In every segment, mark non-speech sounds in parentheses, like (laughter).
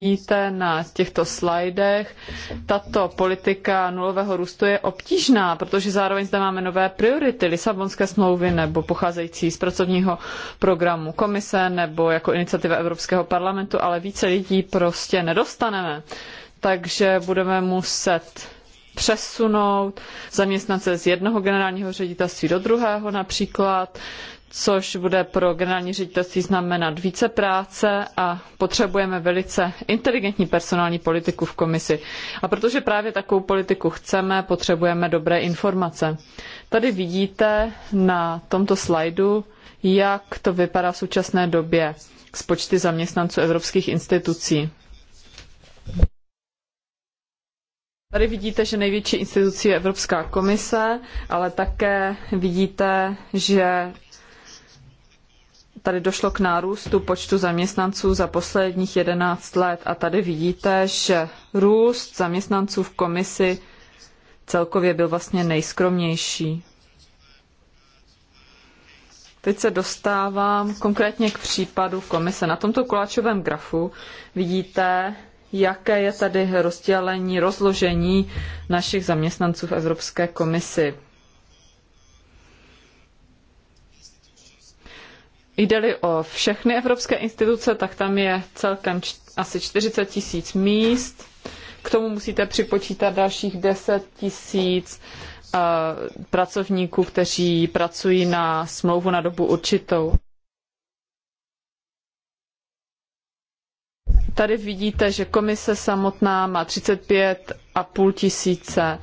vidíte na těchto slajdech, tato politika nulového růstu je obtížná, protože zároveň zde máme nové priority, Lisabonské smlouvy nebo pocházející z pracovního programu komise nebo jako iniciativa Evropského parlamentu, ale více lidí prostě nedostaneme. Takže budeme muset přesunout zaměstnance z jednoho generálního ředitelství do druhého například, což bude pro generální ředitelství znamenat více práce a potřebujeme velice inteligentní personální politiku v komisi. A protože právě takovou politiku chceme, potřebujeme dobré informace. Tady vidíte na tomto slajdu, jak to vypadá v současné době s počty zaměstnanců evropských institucí. Tady vidíte, že největší institucí je Evropská komise, ale také vidíte, že tady došlo k nárůstu počtu zaměstnanců za posledních 11 let a tady vidíte, že růst zaměstnanců v komisi celkově byl vlastně nejskromnější. Teď se dostávám konkrétně k případu komise. Na tomto koláčovém grafu vidíte, jaké je tady rozdělení, rozložení našich zaměstnanců v Evropské komisi. Jde-li o všechny evropské instituce, tak tam je celkem asi 40 tisíc míst. K tomu musíte připočítat dalších 10 tisíc eh, pracovníků, kteří pracují na smlouvu na dobu určitou. Tady vidíte, že komise samotná má 35,5 tisíce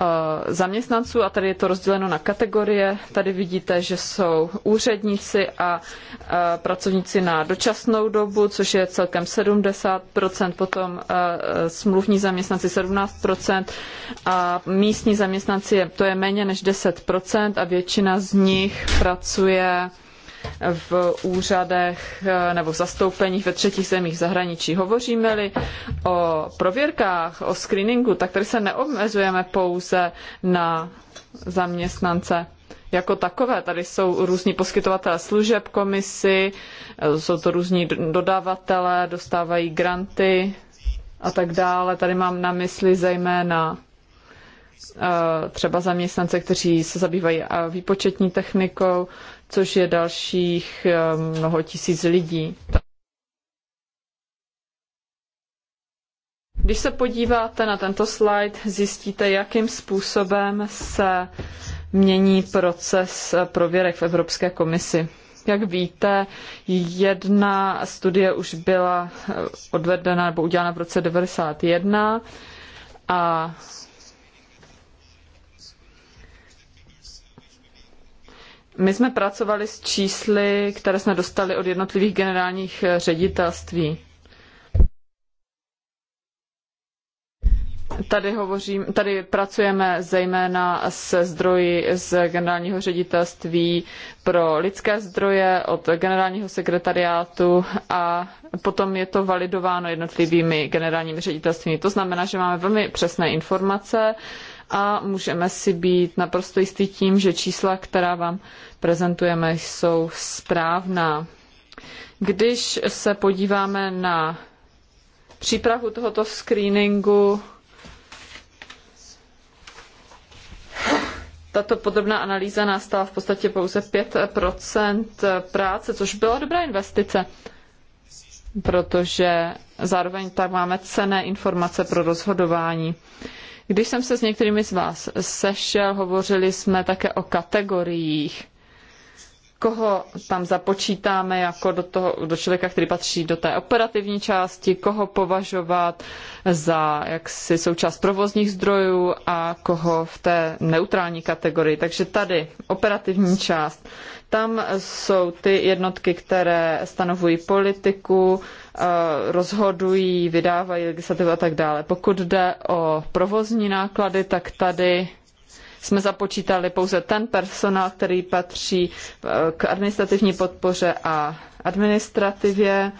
Eh, zaměstnanců a tady je to rozděleno na kategorie. Tady vidíte, že jsou úředníci a eh, pracovníci na dočasnou dobu, což je celkem 70%, potom eh, smluvní zaměstnanci 17% a místní zaměstnanci, to je méně než 10% a většina z nich pracuje v úřadech eh, nebo v zastoupeních ve třetích zemích zahraničí. Hovoříme-li o prověrkách, o screeningu, tak tady se neomezujeme pouze na zaměstnance jako takové. Tady jsou různí poskytovatelé služeb komisi, eh, jsou to různí dodavatelé, dostávají granty a tak dále. Tady mám na mysli zejména eh, třeba zaměstnance, kteří se zabývají výpočetní technikou, což je dalších eh, mnoho tisíc lidí. Když se podíváte na tento slide, zjistíte, jakým způsobem se mění proces prověrek v Evropské komisi. Jak víte, jedna studie už byla eh, odvedena nebo udělána v roce 1991 a My jsme pracovali s čísly, které jsme dostali od jednotlivých generálních ředitelství. Tady, hovořím, tady pracujeme zejména se zdroji z generálního ředitelství pro lidské zdroje od generálního sekretariátu a potom je to validováno jednotlivými generálními ředitelstvími. To znamená, že máme velmi přesné informace, a můžeme si být naprosto jistí tím, že čísla, která vám prezentujeme, jsou správná. Když se podíváme na přípravu tohoto screeningu, tato podrobná analýza nás stála v podstatě pouze 5% práce, což byla dobrá investice, protože zároveň tak máme cené informace pro rozhodování. Když jsem se s některými z vás sešel, hovořili jsme také o kategoriích, koho tam započítáme jako do, toho, do člověka, který patří do té operativní části, koho považovat za jaksi součást provozních zdrojů a koho v té neutrální kategorii. Takže tady operativní část. Tam jsou ty jednotky, které stanovují politiku, rozhodují, vydávají legislativu a tak dále. Pokud jde o provozní náklady, tak tady jsme započítali pouze ten personál, který patří e, k administrativní podpoře a administrativě.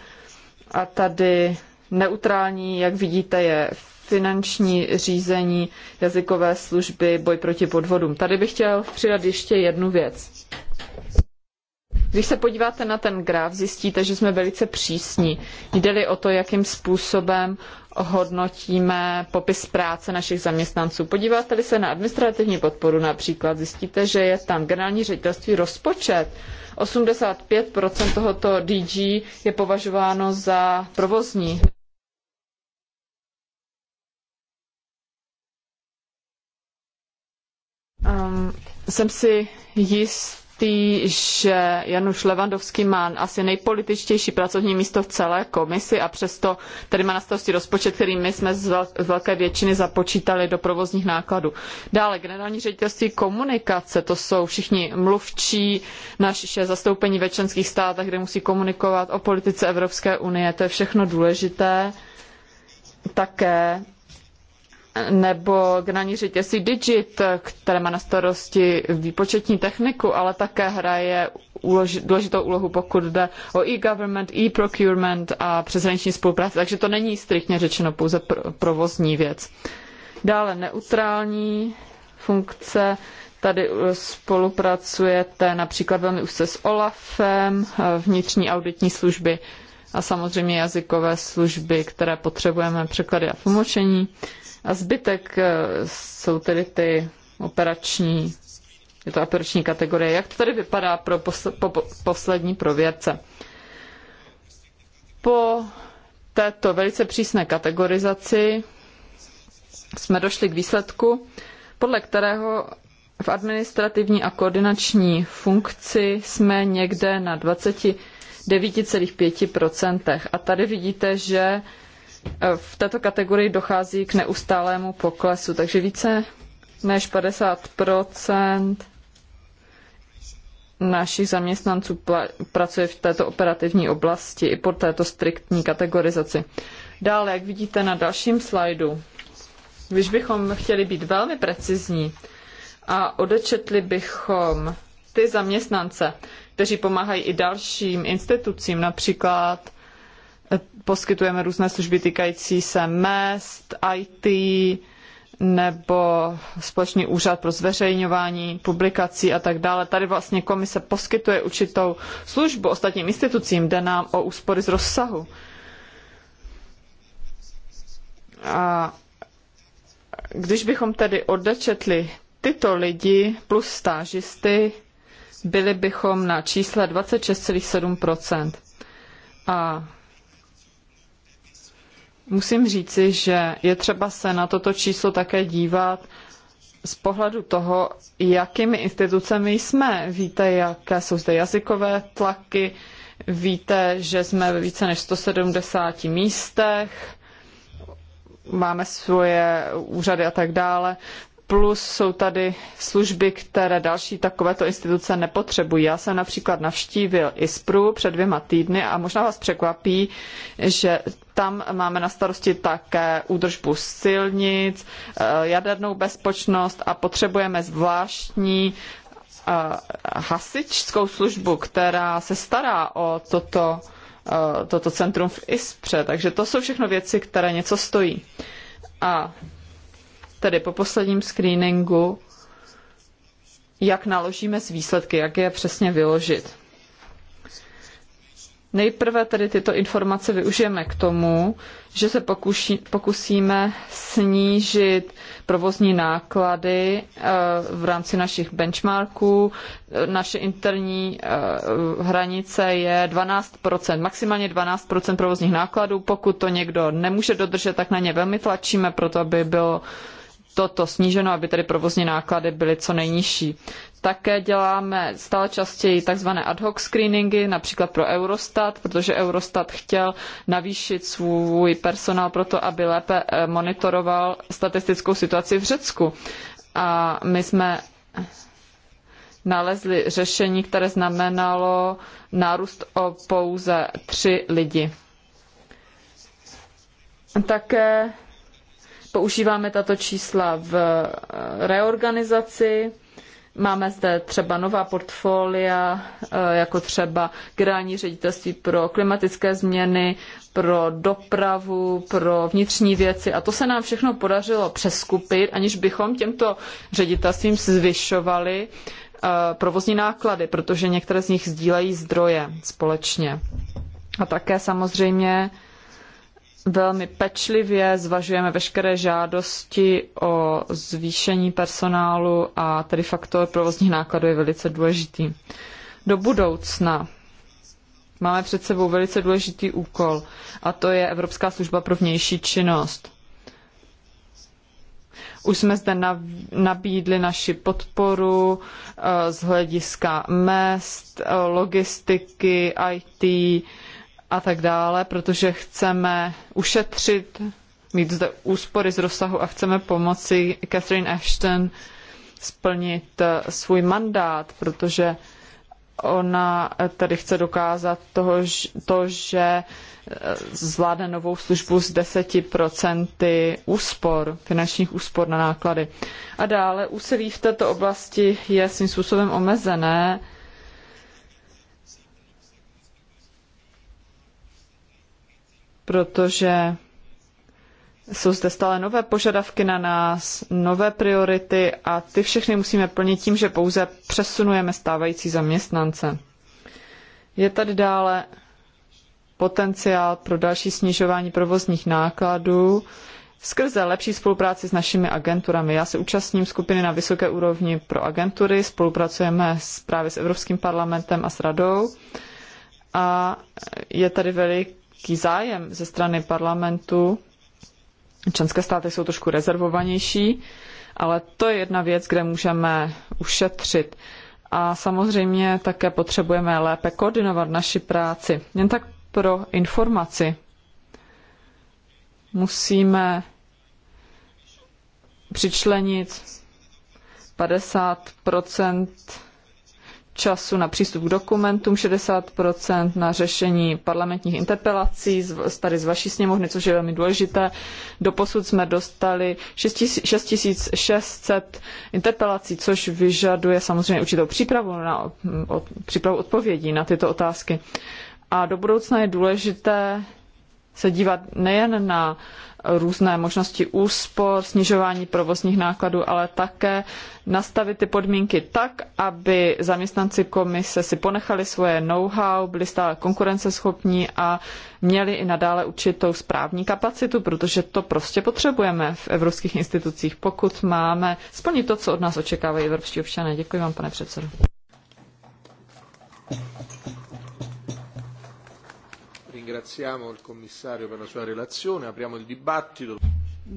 A tady neutrální, jak vidíte, je finanční řízení, jazykové služby, boj proti podvodům. Tady bych chtěl přidat ještě jednu věc. Když se podíváte na ten graf, zjistíte, že jsme velice přísní. Jde-li o to, jakým způsobem hodnotíme popis práce našich zaměstnanců. Podíváte-li se na administrativní podporu například, zjistíte, že je tam generální ředitelství rozpočet. 85% tohoto DG je považováno za provozní. Um, jsem si jist, jistý, že Januš Levandovský má asi nejpolitičtější pracovní místo v celé komisi a přesto tady má na starosti rozpočet, který my jsme z velké většiny započítali do provozních nákladů. Dále generální ředitelství komunikace, to jsou všichni mluvčí, naše zastoupení ve členských státech, kde musí komunikovat o politice Evropské unie, to je všechno důležité. Také nebo generální řetězí Digit, které má na starosti výpočetní techniku, ale také hraje důležitou úlohu, pokud jde o e-government, e-procurement a přeshraniční spolupráci. Takže to není striktně řečeno pouze provozní věc. Dále neutrální funkce. Tady uh, spolupracujete například velmi úzce s OLAFem, uh, vnitřní auditní služby a samozřejmě jazykové služby, které potřebujeme, překlady a tlumočení. A zbytek eh, jsou tedy ty operační, je to operační kategorie. Jak to tady vypadá pro poslední prověrce? Po této velice přísné kategorizaci jsme došli k výsledku, podle kterého v administrativní a koordinační funkci jsme někde na 29,5%. A tady vidíte, že Eh, v této kategorii dochází k neustálému poklesu, takže více než 50 našich zaměstnanců pracuje v této operativní oblasti i pod této striktní kategorizaci. Dále, jak vidíte na dalším slajdu, když bychom chtěli být velmi precizní a odečetli bychom ty zaměstnance, kteří pomáhají i dalším institucím, například poskytujeme různé služby týkající se mest, IT nebo Společný úřad pro zveřejňování publikací a tak dále. Tady vlastně komise poskytuje určitou službu ostatním institucím, jde nám o úspory z rozsahu. A když bychom tedy odečetli tyto lidi plus stážisty, byli bychom na čísle 26,7%. A Musím říci, že je třeba se na toto číslo také dívat z pohledu toho, jakými institucemi jsme. Víte, jaké jsou zde jazykové tlaky, víte, že jsme ve více než 170 místech, máme svoje úřady a tak dále plus jsou tady služby, které další takovéto instituce nepotřebují. Já jsem například navštívil ISPRu před dvěma týdny a možná vás překvapí, že tam máme na starosti také údržbu silnic, eh, jadernou bezpečnost a potřebujeme zvláštní eh, hasičskou službu, která se stará o toto, eh, toto centrum v ISPře. Takže to jsou všechno věci, které něco stojí. A tedy po posledním screeningu, jak naložíme s výsledky, jak je přesně vyložit. Nejprve tedy tyto informace využijeme k tomu, že se pokuší, pokusíme snížit provozní náklady eh, v rámci našich benchmarků. Eh, naše interní eh, hranice je 12%, maximálně 12% provozních nákladů. Pokud to někdo nemůže dodržet, tak na ně velmi tlačíme, proto aby bylo toto sníženo, aby tedy provozní náklady byly co nejnižší. Také děláme stále častěji tzv. ad hoc screeningy, například pro Eurostat, protože Eurostat chtěl navýšit svůj personál proto, aby lépe eh, monitoroval statistickou situaci v Řecku. A my jsme nalezli řešení, které znamenalo nárůst o pouze tři lidi. Také Používáme tato čísla v eh, reorganizaci. Máme zde třeba nová portfolia, eh, jako třeba generální ředitelství pro klimatické změny, pro dopravu, pro vnitřní věci. A to se nám všechno podařilo přeskupit, aniž bychom těmto ředitelstvím zvyšovali eh, provozní náklady, protože některé z nich sdílejí zdroje společně. A také samozřejmě velmi pečlivě zvažujeme veškeré žádosti o zvýšení personálu a tedy faktor provozních nákladů je velice důležitý. Do budoucna máme před sebou velice důležitý úkol a to je Evropská služba pro vnější činnost. Už jsme zde nabídli naši podporu eh, z hlediska mest, eh, logistiky, IT, a tak dále, protože chceme ušetřit, mít zde úspory z rozsahu a chceme pomoci Catherine Ashton splnit eh, svůj mandát, protože ona eh, tady chce dokázat toho, to, že eh, zvládne novou službu s 10% úspor, finančních úspor na náklady. A dále úsilí v této oblasti je svým způsobem omezené, protože jsou zde stále nové požadavky na nás, nové priority a ty všechny musíme plnit tím, že pouze přesunujeme stávající zaměstnance. Je tady dále potenciál pro další snižování provozních nákladů skrze lepší spolupráci s našimi agenturami. Já se účastním skupiny na vysoké úrovni pro agentury, spolupracujeme právě s Evropským parlamentem a s radou a je tady velik velký zájem ze strany parlamentu. Členské státy jsou trošku rezervovanější, ale to je jedna věc, kde můžeme ušetřit. A samozřejmě také potřebujeme lépe koordinovat naši práci. Jen tak pro informaci. Musíme přičlenit 50 času na přístup k dokumentům, 60% na řešení parlamentních interpelací z, tady z vaší sněmovny, což je velmi důležité. Doposud jsme dostali 6600 interpelací, což vyžaduje samozřejmě určitou přípravu, na, od, přípravu odpovědí na tyto otázky. A do budoucna je důležité se dívat nejen na různé možnosti úspor, snižování provozních nákladů, ale také nastavit ty podmínky tak, aby zaměstnanci komise si ponechali svoje know-how, byli stále konkurenceschopní a měli i nadále určitou správní kapacitu, protože to prostě potřebujeme v evropských institucích, pokud máme splnit to, co od nás očekávají evropští občané. Děkuji vám, pane předsedo. Ringraziamo il commissario per la sua relazione, apriamo il dibattito.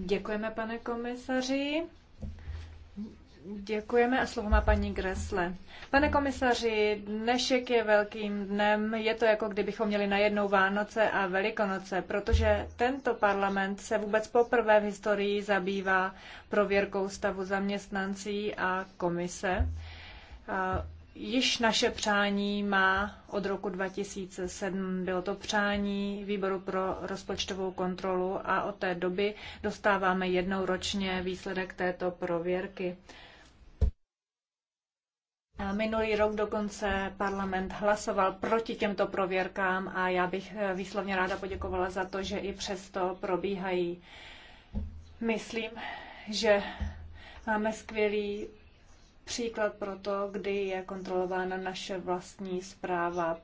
Děkujeme, pane komisaři. Děkujeme a slovo má paní Gresle. Pane komisaři, dnešek je velkým dnem. Je to jako kdybychom měli najednou Vánoce a Velikonoce, protože tento parlament se vůbec poprvé v historii zabývá prověrkou stavu zaměstnancí a komise. A již naše přání má od roku 2007. Bylo to přání Výboru pro rozpočtovou kontrolu a od té doby dostáváme jednou ročně výsledek této prověrky. Minulý rok dokonce parlament hlasoval proti těmto prověrkám a já bych eh, výslovně ráda poděkovala za to, že i přesto probíhají. Myslím, že máme skvělý příklad pro to, kdy je kontrolována naše vlastní zpráva.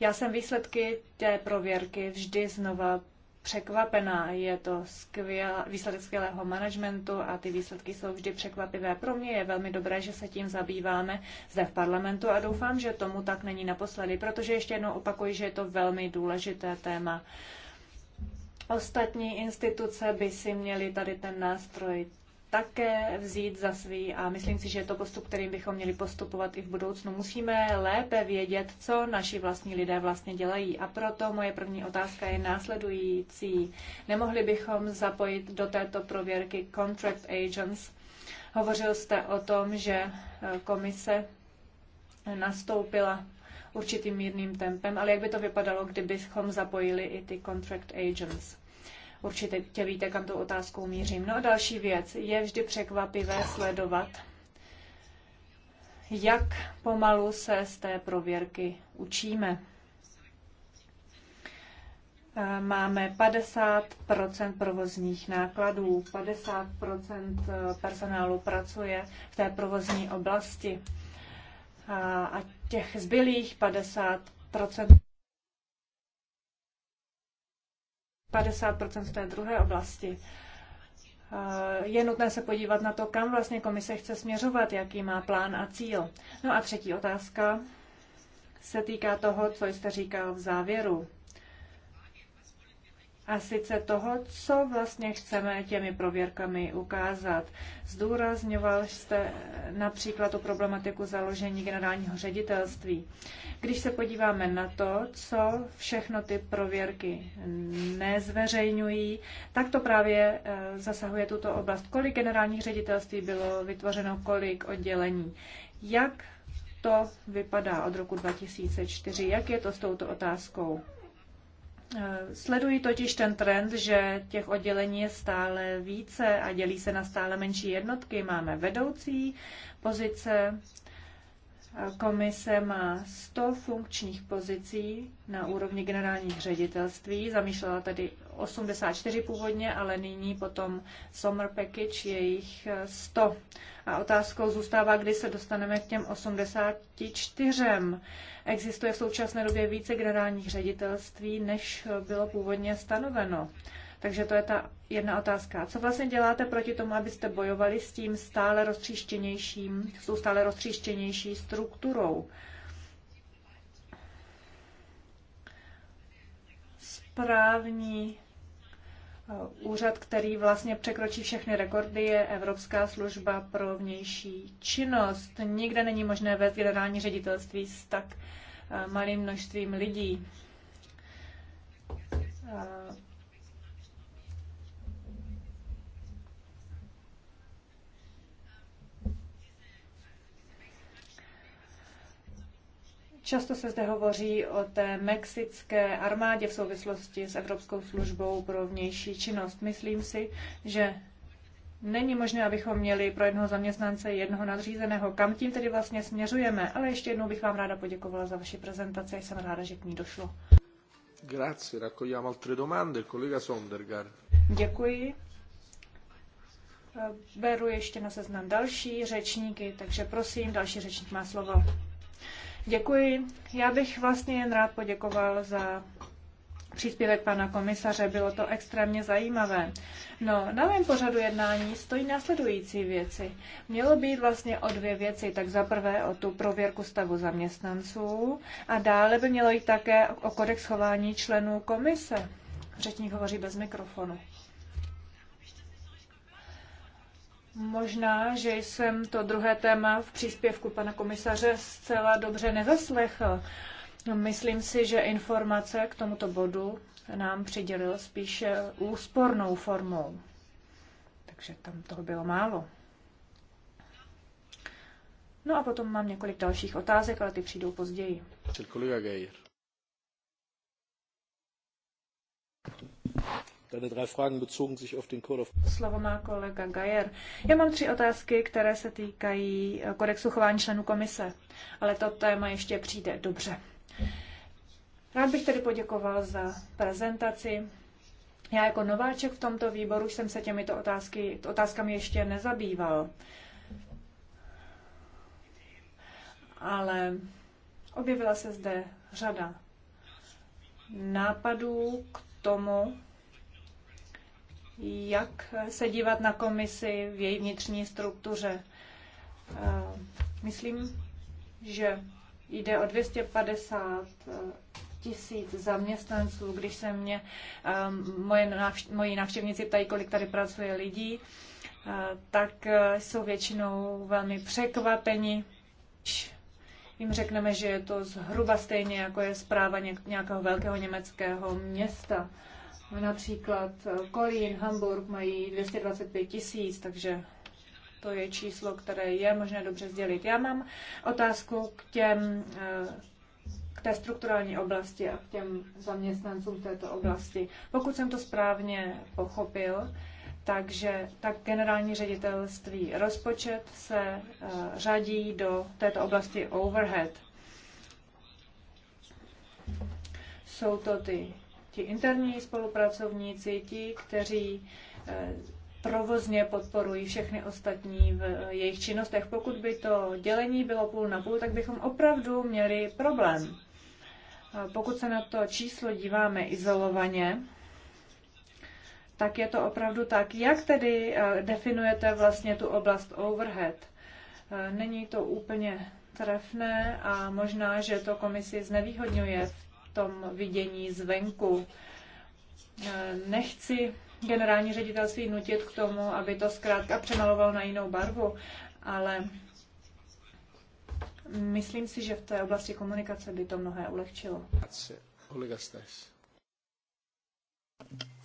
Já jsem výsledky té prověrky vždy znova překvapená. Je to skvěl, výsledek skvělého managementu a ty výsledky jsou vždy překvapivé. Pro mě je velmi dobré, že se tím zabýváme zde v parlamentu a doufám, že tomu tak není naposledy, protože ještě jednou opakuji, že je to velmi důležité téma. Ostatní instituce by si měly tady ten nástroj také vzít za svý a myslím si, že je to postup, kterým bychom měli postupovat i v budoucnu. Musíme lépe vědět, co naši vlastní lidé vlastně dělají a proto moje první otázka je následující. Nemohli bychom zapojit do této prověrky contract agents? Hovořil jste o tom, že eh, komise nastoupila určitým mírným tempem, ale jak by to vypadalo, kdybychom zapojili i ty contract agents? Určitě tě víte, kam tu otázkou mířím. No a další věc. Je vždy překvapivé sledovat, jak pomalu se z té prověrky učíme. Eh, máme 50 provozních nákladů, 50 eh, personálu pracuje v té provozní oblasti a těch zbylých 50 50% v té druhé oblasti. Je nutné se podívat na to, kam vlastně komise chce směřovat, jaký má plán a cíl. No a třetí otázka se týká toho, co jste říkal v závěru a sice toho, co vlastně chceme těmi prověrkami ukázat. Zdůrazňoval jste například tu problematiku založení generálního ředitelství. Když se podíváme na to, co všechno ty prověrky nezveřejňují, tak to právě eh, zasahuje tuto oblast. Kolik generálních ředitelství bylo vytvořeno, kolik oddělení. Jak to vypadá od roku 2004? Jak je to s touto otázkou? Eh, Sledují totiž ten trend, že těch oddělení je stále více a dělí se na stále menší jednotky. Máme vedoucí pozice, eh, komise má 100 funkčních pozicí na úrovni generálních ředitelství, zamýšlela tady. 84 původně, ale nyní potom Summer Package je jich 100. Eh, A otázkou zůstává, kdy se dostaneme k těm 84. Existuje v současné době více generálních ředitelství, než eh, bylo původně stanoveno. Takže to je ta jedna otázka. Co vlastně děláte proti tomu, abyste bojovali s tím stále roztříštěnějším, s tou stále roztříštěnější strukturou? Správní Eh, úřad, který vlastně překročí všechny rekordy, je Evropská služba pro vnější činnost. Nikde není možné vést generální ředitelství s tak eh, malým množstvím lidí. Eh, Často se zde hovoří o té mexické armádě v souvislosti s Evropskou službou pro vnější činnost. Myslím si, že není možné, abychom měli pro jednoho zaměstnance jednoho nadřízeného. Kam tím tedy vlastně směřujeme? Ale ještě jednou bych vám ráda poděkovala za vaši prezentaci a jsem ráda, že k ní došlo. Grazie, raccogliamo altre domande, collega Sondergaard. Děkuji. Beru ještě na seznam další řečníky, takže prosím, další řečník má slovo. Děkuji. Já bych vlastně jen rád poděkoval za příspěvek pana komisaře, bylo to extrémně zajímavé. No, na mém pořadu jednání stojí následující věci. Mělo být vlastně o dvě věci, tak za prvé o tu prověrku stavu zaměstnanců a dále by mělo jít také o kodex chování členů komise. Řečník hovoří bez mikrofonu. Možná, že jsem to druhé téma v příspěvku pana komisaře zcela dobře nezaslechl. Myslím si, že informace k tomuto bodu nám přidělil spíše úspornou formou. Takže tam toho bylo málo. No a potom mám několik dalších otázek, ale ty přijdou později. Kolega Geir. Deine drei Fragen bezogen sich auf den Code of... Slovo má kolega Gajer. Já mám tři otázky, které se týkají eh, kodexu chování členů komise, ale to téma ještě přijde. Dobře. Rád bych tedy poděkoval za prezentaci. Já jako nováček v tomto výboru jsem se těmito otázky, otázkami ještě nezabýval. Ale objevila se zde řada nápadů k tomu, jak se dívat na komisi v její vnitřní struktuře. Eh, myslím, že jde o 250 eh, tisíc zaměstnanců, když se mě eh, moje navš- moji návštěvníci ptají, kolik tady pracuje lidí, tak jsou většinou velmi překvapeni, jim řekneme, že je to zhruba stejně, jako je zpráva nějakého velkého německého města. Například eh, Kolín, Hamburg mají 225 tisíc, takže to je číslo, které je možné dobře sdělit. Já mám otázku k těm eh, k té strukturální oblasti a k těm zaměstnancům této oblasti. Pokud jsem to správně pochopil, takže tak generální ředitelství rozpočet se eh, řadí do této oblasti overhead. Jsou to ty ti interní spolupracovníci, ti, kteří eh, provozně podporují všechny ostatní v eh, jejich činnostech. Pokud by to dělení bylo půl na půl, tak bychom opravdu měli problém. Pokud se na to číslo díváme izolovaně, tak je to opravdu tak. Jak tedy eh, definujete vlastně tu oblast overhead? Není to úplně trefné a možná, že to komisi znevýhodňuje v tom vidění zvenku. E, nechci generální ředitelství nutit k tomu, aby to zkrátka přemaloval na jinou barvu, ale myslím si, že v té oblasti komunikace by to mnohé ulehčilo.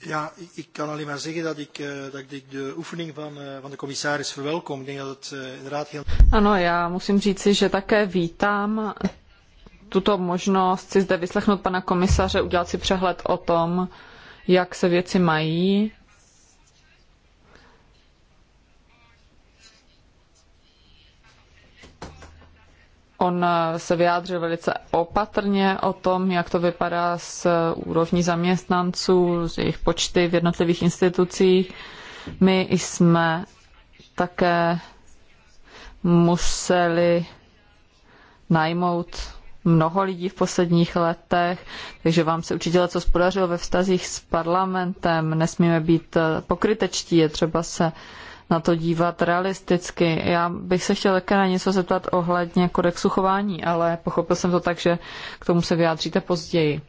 Ja, ik ik kan alleen maar zeggen dat ik, eh, dat ik de oefening van, eh, van de commissaris verwelkom. Ik denk dat het eh, inderdaad heel... Ano, ja, musím říci, že také vítám tuto možnost si zde vyslechnout pana komisaře, udělat si přehled o tom, jak se věci mají. On eh, se vyjádřil velice opatrně o tom, jak to vypadá s úrovní zaměstnanců, s jejich počty v jednotlivých institucích. My jsme také museli najmout mnoho lidí v posledních letech, takže vám se určitě co spodařilo ve vztazích s parlamentem. Nesmíme být eh, pokrytečtí, je třeba se na to dívat realisticky. Já bych se chtěl také na něco zeptat ohledně kodexu chování, ale pochopil jsem to tak, že k tomu se vyjádříte později.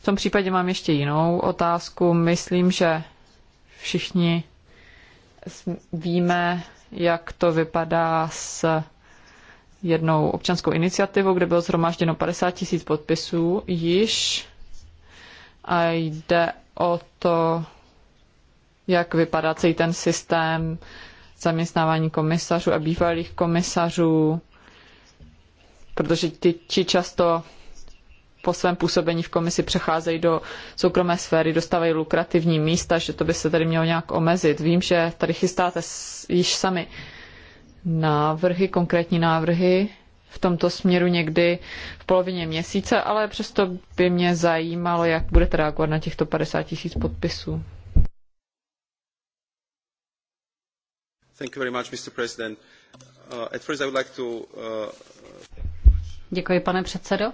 V tom případě mám ještě jinou otázku. Myslím, že všichni víme, jak to vypadá s jednou občanskou iniciativou, kde bylo zhromážděno 50 tisíc podpisů již a jde o to, jak vypadá celý ten systém zaměstnávání komisařů a bývalých komisařů, protože ti, ti často po svém působení v komisi přecházejí do soukromé sféry, dostávají lukrativní místa, že to by se tady mělo nějak omezit. Vím, že tady chystáte již sami návrhy, konkrétní návrhy v tomto směru někdy v polovině měsíce, ale přesto by mě zajímalo, jak budete reagovat na těchto 50 tisíc podpisů. Děkuji, pane předsedo.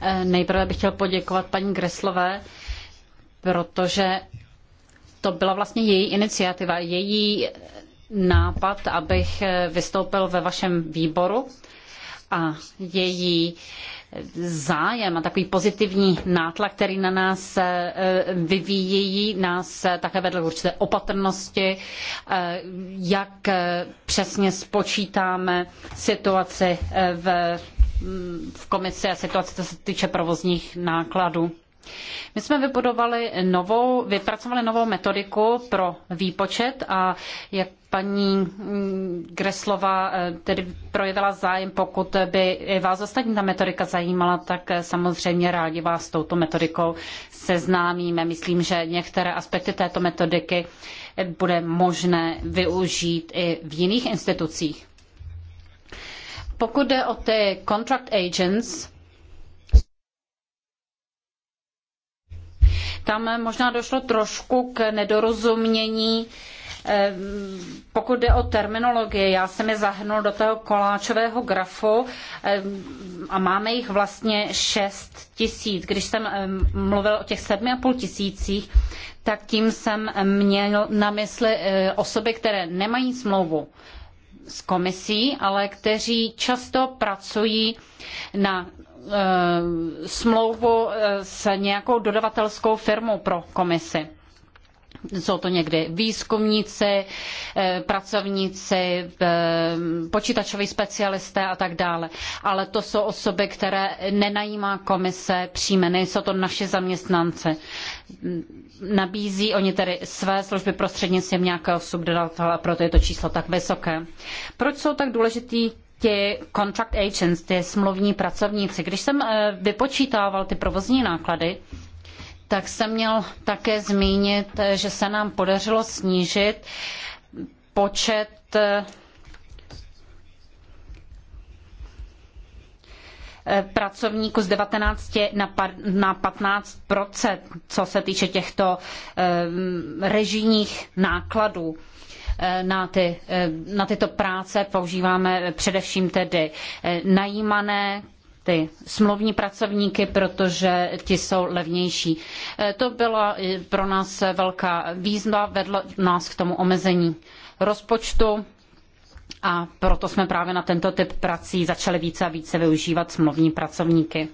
Eh, nejprve bych chtěl poděkovat paní Greslové, protože to byla vlastně její iniciativa, její nápad, abych eh, vystoupil ve vašem výboru a její eh, zájem a takový pozitivní nátlak, který na nás eh, vyvíjí, nás také vedl k určité opatrnosti, jak přesně spočítáme situaci v, mm, v komisi a situaci, co se týče provozních nákladů. My jsme vybudovali novou, vypracovali novou metodiku pro výpočet a jak paní mm, Greslova eh, tedy projevila zájem, pokud by i vás ostatní ta metodika zajímala, tak eh, samozřejmě rádi vás s touto metodikou seznámíme. Myslím, že některé aspekty této metodiky bude možné využít i v jiných institucích. Pokud jde o ty contract agents, Tam možná došlo trošku k nedorozumění eh, pokud jde o terminologii, já jsem je zahrnul do toho koláčového grafu eh, a máme jich vlastně 6 tisíc. Když jsem eh, mluvil o těch 7,5 tisících, tak tím jsem měl na mysli osoby, které nemají smlouvu s komisí, ale kteří často pracují na Eh, smlouvu eh, s nějakou dodavatelskou firmou pro komisi. Jsou to někdy výzkumníci, eh, pracovníci, počítačoví specialisté a tak dále. Ale to jsou osoby, které nenajímá komise přímo, nejsou to naši zaměstnanci. Nabízí oni tedy své služby prostřednictvím nějakého subdodavatele a proto je to číslo tak vysoké. Proč jsou tak důležitý ti contract agents, ty smluvní pracovníci. Když jsem eh, vypočítával ty provozní náklady, tak jsem měl také zmínit, eh, že se nám podařilo snížit počet eh, pracovníků z 19 na 15 co se týče těchto režijních nákladů. Eh, na, ty, eh, na tyto práce používáme především tedy eh, najímané ty smluvní pracovníky, protože ti jsou levnější. To byla pro nás velká výzva, vedla nás k tomu omezení rozpočtu a proto jsme právě na tento typ prací začali více a více využívat smluvní pracovníky.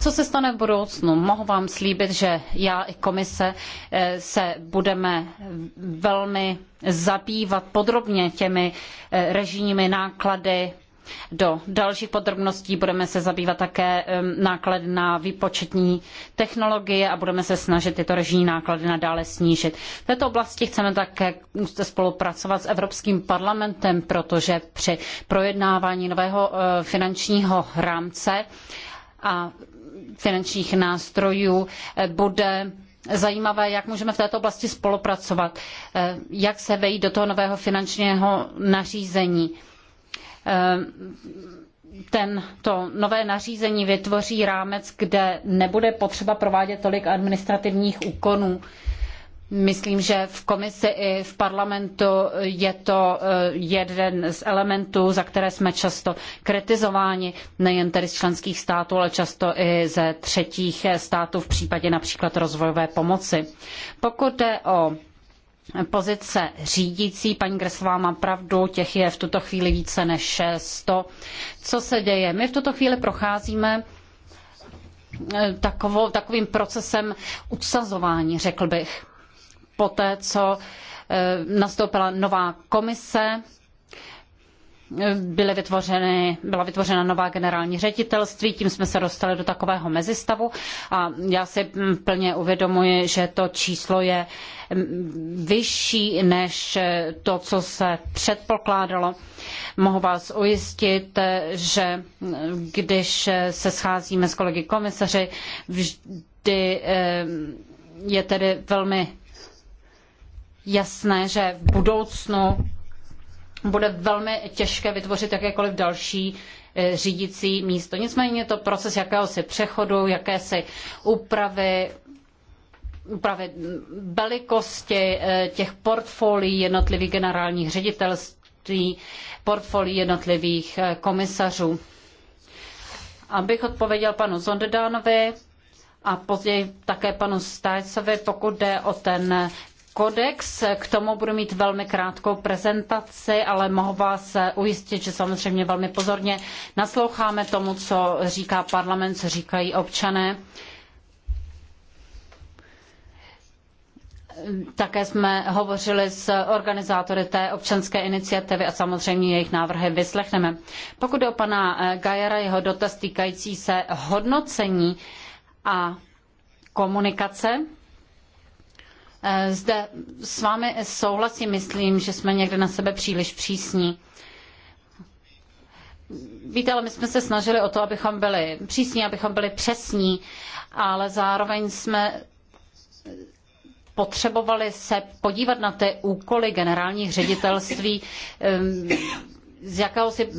Co se stane v budoucnu? Mohu vám slíbit, že já i komise eh, se budeme velmi zabývat podrobně těmi eh, režijními náklady, do dalších podrobností budeme se zabývat také náklady na výpočetní technologie a budeme se snažit tyto režijní náklady nadále snížit. V této oblasti chceme také spolupracovat s Evropským parlamentem, protože při projednávání nového eh, finančního rámce a finančních nástrojů eh, bude zajímavé, jak můžeme v této oblasti spolupracovat, eh, jak se vejít do toho nového finančního nařízení. Eh, tento nové nařízení vytvoří rámec, kde nebude potřeba provádět tolik administrativních úkonů. Myslím, že v komisi i v parlamentu je to eh, jeden z elementů, za které jsme často kritizováni, nejen tedy z členských států, ale často i ze třetích eh, států v případě například rozvojové pomoci. Pokud jde o pozice řídící, paní Gresová má pravdu, těch je v tuto chvíli více než 100. Co se děje? My v tuto chvíli procházíme eh, takovou, takovým procesem usazování, řekl bych poté, co eh, nastoupila nová komise, byly vytvořeny, byla vytvořena nová generální ředitelství, tím jsme se dostali do takového mezistavu a já si mm, plně uvědomuji, že to číslo je mm, vyšší než eh, to, co se předpokládalo. Mohu vás ujistit, že mm, když eh, se scházíme s kolegy komisaři, vždy je tedy velmi jasné, že v budoucnu bude velmi těžké vytvořit jakékoliv další eh, řídící místo. Nicméně je to proces jakéhosi přechodu, jakési úpravy, úpravy velikosti eh, těch portfolií jednotlivých generálních ředitelství, portfolií jednotlivých eh, komisařů. Abych odpověděl panu Zondedánovi a později také panu Stajcovi, pokud jde o ten kodex. K tomu budu mít velmi krátkou prezentaci, ale mohu vás ujistit, že samozřejmě velmi pozorně nasloucháme tomu, co říká parlament, co říkají občané. Také jsme hovořili s organizátory té občanské iniciativy a samozřejmě jejich návrhy vyslechneme. Pokud jde o pana eh, Gajera, jeho dotaz týkající se hodnocení a komunikace, Eh, zde s vámi souhlasím, myslím, že jsme někde na sebe příliš přísní. Víte, ale my jsme se snažili o to, abychom byli přísní, abychom byli přesní, ale zároveň jsme potřebovali se podívat na ty úkoly generálních ředitelství eh, z jakéhosi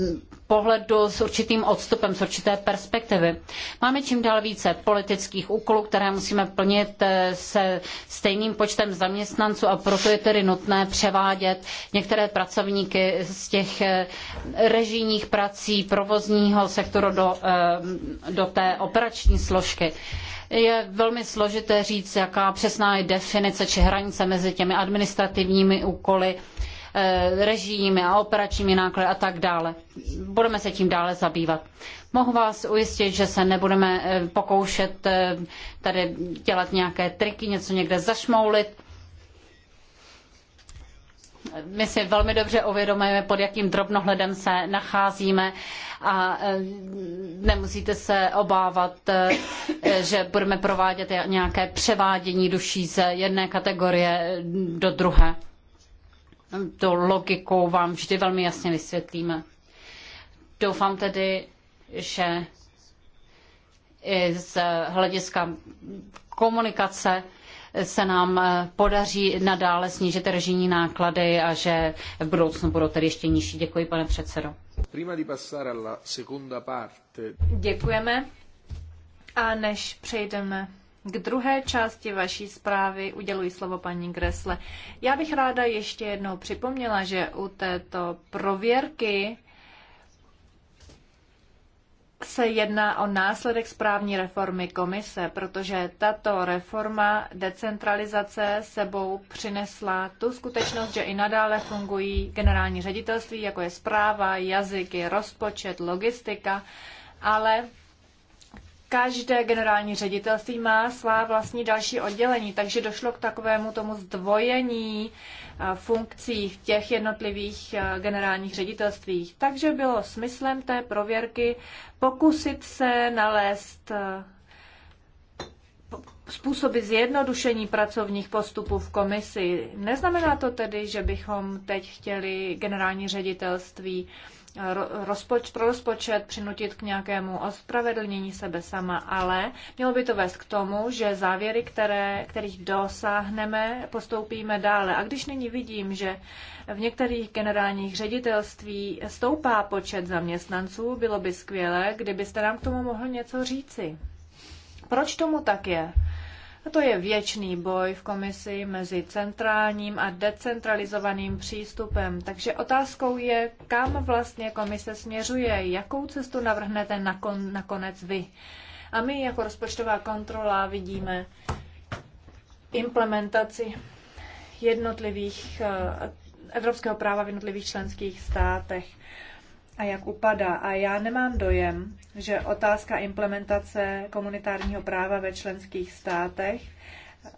pohledu s určitým odstupem, z určité perspektivy. Máme čím dál více politických úkolů, které musíme plnit eh, se stejným počtem zaměstnanců a proto je tedy nutné převádět některé pracovníky z těch eh, režijních prací provozního sektoru do, eh, do té operační složky je velmi složité říct, jaká přesná je definice či hranice mezi těmi administrativními úkoly Eh, režimy a operačními náklady a tak dále. Budeme se tím dále zabývat. Mohu vás ujistit, že se nebudeme eh, pokoušet eh, tady dělat nějaké triky, něco někde zašmoulit. My si velmi dobře uvědomujeme, pod jakým drobnohledem se nacházíme a nemusíte se obávat, že budeme provádět nějaké převádění duší z jedné kategorie do druhé to logikou vám vždy velmi jasně vysvětlíme. Doufám tedy, že i z hlediska komunikace se nám eh, podaří nadále snížit režijní náklady a že v budoucnu budou tedy ještě nižší. Děkuji, pane předsedo. Děkujeme. A než přejdeme k druhé části vaší zprávy uděluji slovo paní Gresle. Já bych ráda ještě jednou připomněla, že u této prověrky se jedná o následek správní reformy komise, protože tato reforma decentralizace sebou přinesla tu skutečnost, že i nadále fungují generální ředitelství, jako je správa, jazyk, rozpočet, logistika, ale každé generální ředitelství má svá vlastní další oddělení, takže došlo k takovému tomu zdvojení eh, funkcí v těch jednotlivých eh, generálních ředitelstvích. Takže bylo smyslem té prověrky pokusit se nalézt eh, způsoby zjednodušení pracovních postupů v komisi. Neznamená to tedy, že bychom teď chtěli generální ředitelství rozpoč, pro rozpočet přinutit k nějakému ospravedlnění sebe sama, ale mělo by to vést k tomu, že závěry, které, kterých dosáhneme, postoupíme dále. A když nyní vidím, že v některých generálních ředitelství stoupá počet zaměstnanců, bylo by skvělé, kdybyste nám k tomu mohl něco říci. Proč tomu tak je? A to je věčný boj v komisi mezi centrálním a decentralizovaným přístupem. Takže otázkou je, kam vlastně komise směřuje, jakou cestu navrhnete nakon, nakonec vy. A my jako rozpočtová kontrola vidíme implementaci jednotlivých eh, evropského práva v jednotlivých členských státech a jak upadá. A já nemám dojem, že otázka implementace komunitárního práva ve členských státech eh,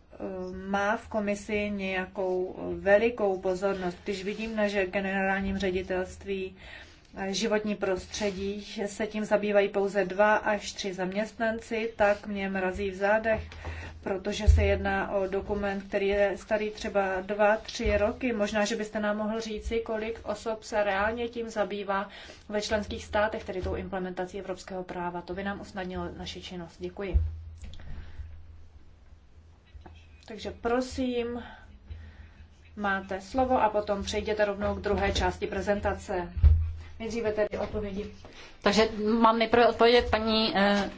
má v komisi nějakou velikou pozornost. Když vidím na že generálním ředitelství životní prostředí se tím zabývají pouze dva až tři zaměstnanci, tak mě mrazí v zádech protože se jedná o dokument, který je starý třeba dva, tři roky. Možná, že byste nám mohl říci, kolik osob se reálně tím zabývá ve členských státech, tedy tou implementací evropského práva. To by nám usnadnilo naši činnost. Děkuji. Takže prosím, máte slovo a potom přejděte rovnou k druhé části prezentace. Nejdříve tedy odpovědi. Takže mám nejprve odpovědět paní eh,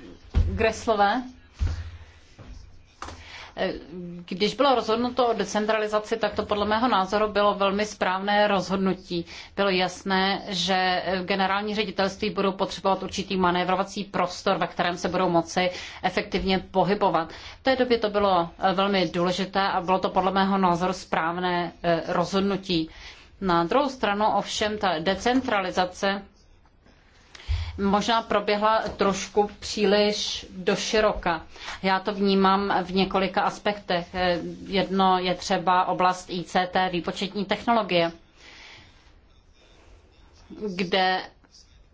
Greslové. Když bylo rozhodnuto o decentralizaci, tak to podle mého názoru bylo velmi správné rozhodnutí. Bylo jasné, že generální ředitelství budou potřebovat určitý manévrovací prostor, ve kterém se budou moci efektivně pohybovat. V té době to bylo eh, velmi důležité a bylo to podle mého názoru správné eh, rozhodnutí. Na druhou stranu ovšem ta decentralizace možná proběhla trošku příliš doširoka. Já to vnímám v několika aspektech. Eh, Jedno je třeba oblast ICT, výpočetní technologie, kde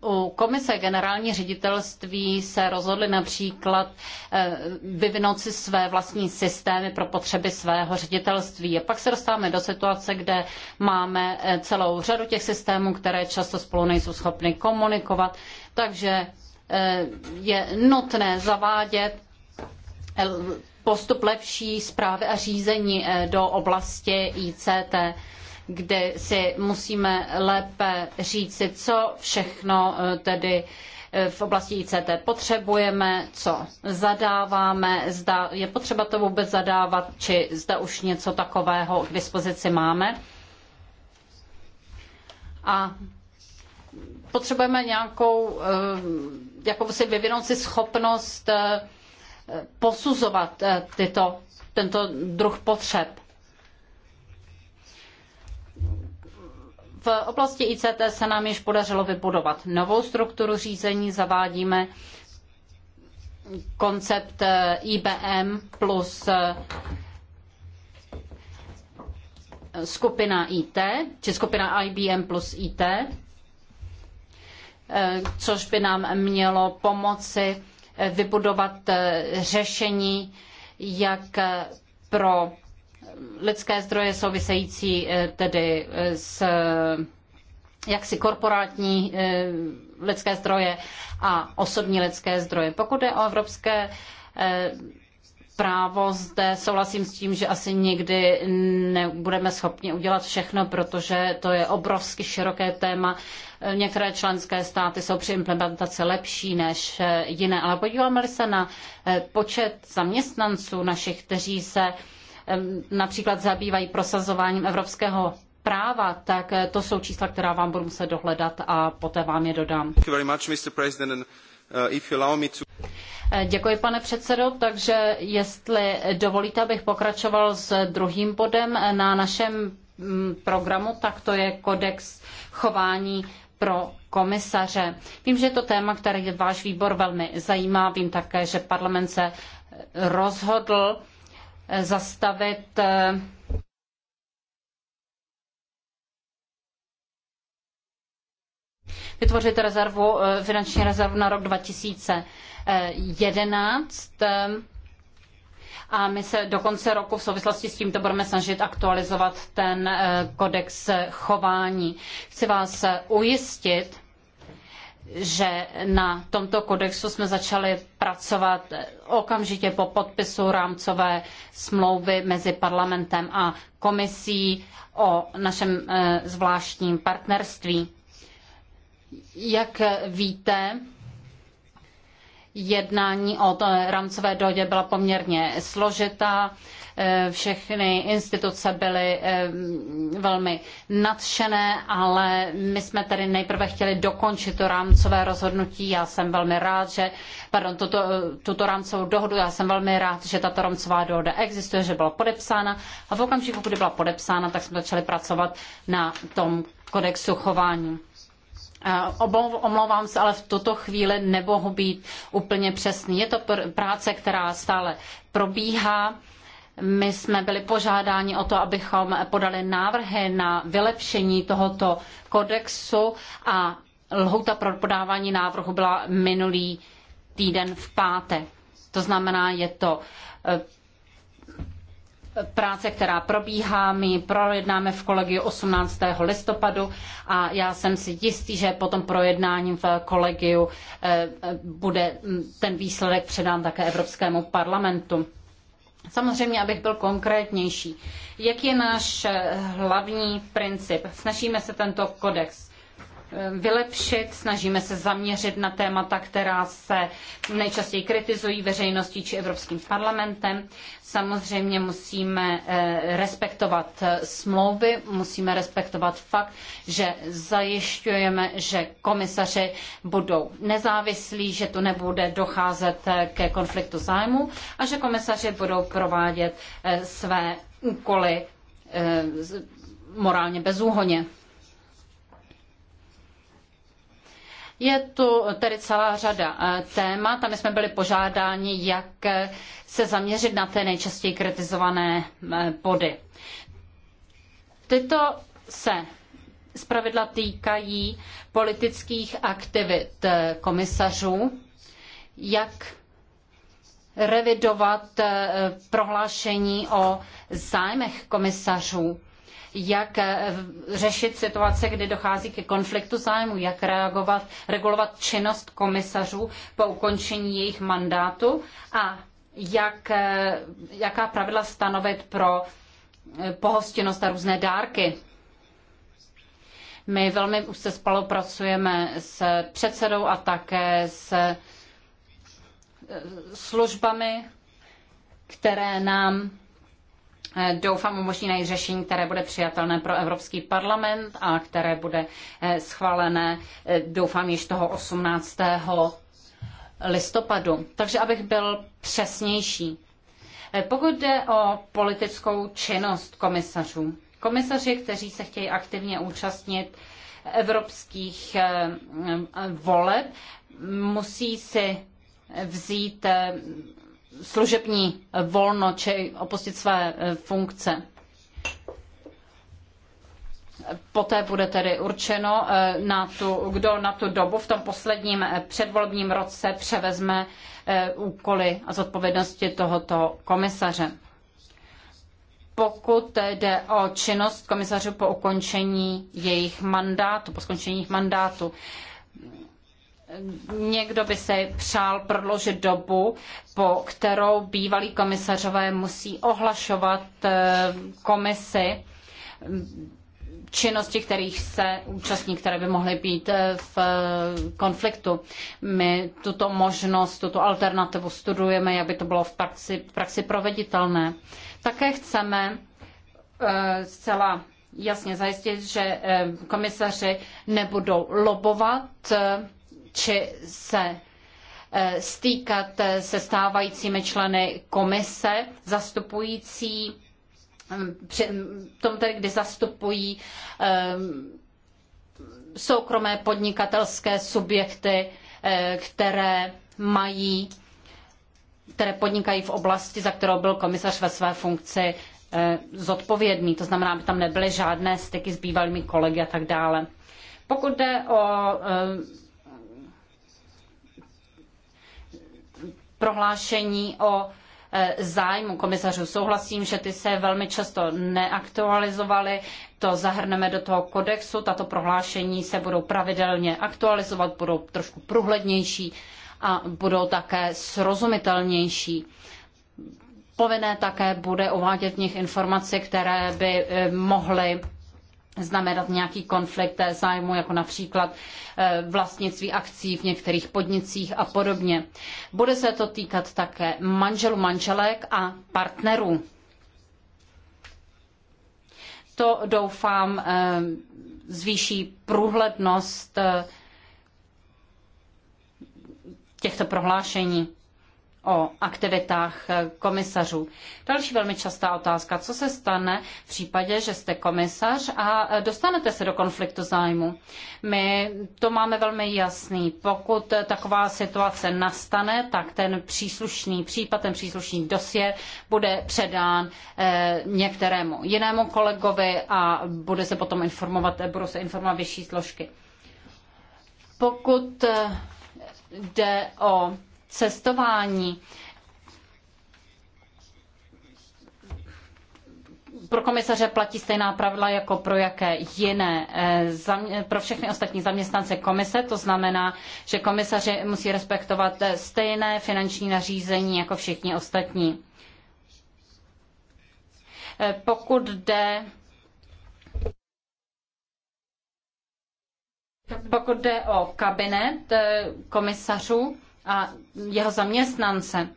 u komise generální ředitelství se rozhodli například eh, vyvinout si své vlastní systémy pro potřeby svého ředitelství. A pak se dostáváme do situace, kde máme eh, celou řadu těch systémů, které často spolu nejsou schopny komunikovat. Takže eh, je nutné zavádět eh, postup lepší zprávy a řízení eh, do oblasti ICT, kde si musíme lépe říci, co všechno tedy v oblasti ICT potřebujeme, co zadáváme, zda je potřeba to vůbec zadávat, či zda už něco takového k dispozici máme. A potřebujeme nějakou, eh, jako si vyvinout si schopnost eh, posuzovat eh, tyto, tento druh potřeb. V oblasti ICT se nám již podařilo vybudovat novou strukturu řízení, zavádíme koncept IBM plus skupina IT, či skupina IBM plus IT. Eh, což by nám mělo pomoci eh, vybudovat eh, řešení, jak pro lidské zdroje související tedy s jaksi korporátní lidské zdroje a osobní lidské zdroje. Pokud je o evropské právo zde souhlasím s tím, že asi nikdy nebudeme schopni udělat všechno, protože to je obrovsky široké téma. Některé členské státy jsou při implementaci lepší než jiné, ale podíváme-li se na eh, počet zaměstnanců našich, kteří se eh, například zabývají prosazováním evropského práva, tak eh, to jsou čísla, která vám budu muset dohledat a poté vám je dodám. Eh, děkuji, pane předsedo. Takže jestli dovolíte, abych pokračoval s druhým bodem eh, na našem mm, programu, tak to je kodex chování pro komisaře. Vím, že je to téma, které váš výbor velmi zajímá. Vím také, že parlament se eh, rozhodl zastavit vytvořit rezervu, finanční rezervu na rok 2000 11 eh, a my se do konce roku v souvislosti s tímto budeme snažit aktualizovat ten eh, kodex chování. Chci vás eh, ujistit, že na tomto kodexu jsme začali pracovat okamžitě po podpisu rámcové smlouvy mezi parlamentem a komisí o našem zvláštním partnerství. Jak víte, jednání o rámcové dohodě byla poměrně složitá. Eh, všechny instituce byly eh, velmi nadšené, ale my jsme tedy nejprve chtěli dokončit to rámcové rozhodnutí. Já jsem velmi rád, že, pardon, tuto, tuto rámcovou dohodu, já jsem velmi rád, že tato rámcová dohoda existuje, že byla podepsána a v okamžiku, kdy byla podepsána, tak jsme začali pracovat na tom kodexu chování. Eh, omlouvám se, ale v tuto chvíli nemohu být úplně přesný. Je to pr práce, která stále probíhá. My jsme byli požádáni o to, abychom podali návrhy na vylepšení tohoto kodexu a lhouta pro podávání návrhu byla minulý týden v pátek. To znamená, je to eh, práce, která probíhá. My projednáme v kolegiu 18. listopadu a já jsem si jistý, že po tom projednání v kolegiu eh, bude mm, ten výsledek předán také Evropskému parlamentu. Samozřejmě, abych byl konkrétnější. jaký je náš eh, hlavní princip? Snažíme se tento kodex Eh, vylepšit, snažíme se zaměřit na témata, která se nejčastěji kritizují veřejností či Evropským parlamentem. Samozřejmě musíme eh, respektovat eh, smlouvy, musíme respektovat fakt, že zajišťujeme, že komisaři budou nezávislí, že tu nebude docházet ke konfliktu zájmu a že komisaři budou provádět své úkoly morálně bezúhoně. Je tu tedy celá řada eh, témat a my jsme byli požádáni, jak eh, se zaměřit na ty nejčastěji kritizované eh, body. Tyto se zpravidla týkají politických aktivit komisařů, jak revidovat prohlášení o zájmech komisařů jak eh, řešit situace, kdy dochází ke konfliktu zájmu, jak reagovat, regulovat činnost komisařů po ukončení jejich mandátu a jak, eh, jaká pravidla stanovit pro eh, pohostinnost a různé dárky. My velmi úzce spolupracujeme s předsedou a také s službami, které nám Eh, doufám umožní najít řešení, které bude přijatelné pro Evropský parlament a které bude eh, schválené, eh, doufám, již toho 18. listopadu. Takže abych byl přesnější. Pokud jde o politickou činnost komisařů, komisaři, kteří se chtějí aktivně účastnit evropských voleb, musí si vzít služební volno či opustit své eh, funkce. Poté bude tedy určeno, eh, na tu, kdo na tu dobu v tom posledním eh, předvolbním roce převezme úkoly a zodpovědnosti tohoto komisaře. Pokud jde o činnost komisařů po ukončení jejich mandátu, po skončení jejich mandátu, někdo by se přál prodloužit dobu, po kterou bývalí komisařové musí ohlašovat eh, komisi činnosti, kterých se účastní, které by mohly být eh, v eh, konfliktu. My tuto možnost, tuto alternativu studujeme, aby to bylo v praxi, v praxi proveditelné. Také chceme zcela jasně zajistit, že komisaři nebudou lobovat či se eh, stýkat eh, se stávajícími členy komise zastupující eh, při tom tedy, kdy zastupují soukromé podnikatelské subjekty, které mají, které podnikají v oblasti, za kterou byl komisař ve své funkci zodpovědný. To znamená, aby tam nebyly žádné styky s bývalými kolegy a tak dále. Pokud jde o prohlášení o e, zájmu komisařů. Souhlasím, že ty se velmi často neaktualizovaly, to zahrneme do toho kodexu, tato prohlášení se budou pravidelně aktualizovat, budou trošku průhlednější a budou také srozumitelnější. Povinné také bude uvádět v nich informace, které by e, mohly znamenat nějaký konflikt zájmu, jako například eh, vlastnictví akcí v některých podnicích a podobně. Bude se to týkat také manželů, manželek a partnerů. To doufám eh, zvýší průhlednost eh, těchto prohlášení o aktivitách komisařů. Další velmi častá otázka, co se stane v případě, že jste komisař a dostanete se do konfliktu zájmu. My to máme velmi jasný. Pokud taková situace nastane, tak ten příslušný případ, ten příslušný dosie bude předán eh, některému jinému kolegovi a bude se potom informovat, budou se informovat vyšší složky. Pokud eh, jde o cestování. pro komisaře platí stejná pravidla jako pro jaké jiné, eh, pro všechny ostatní zaměstnance komise. To znamená, že komisaři musí respektovat stejné finanční nařízení jako všichni ostatní. Eh, pokud jde pokud jde o kabinet eh, komisařů, a jeho zaměstnance.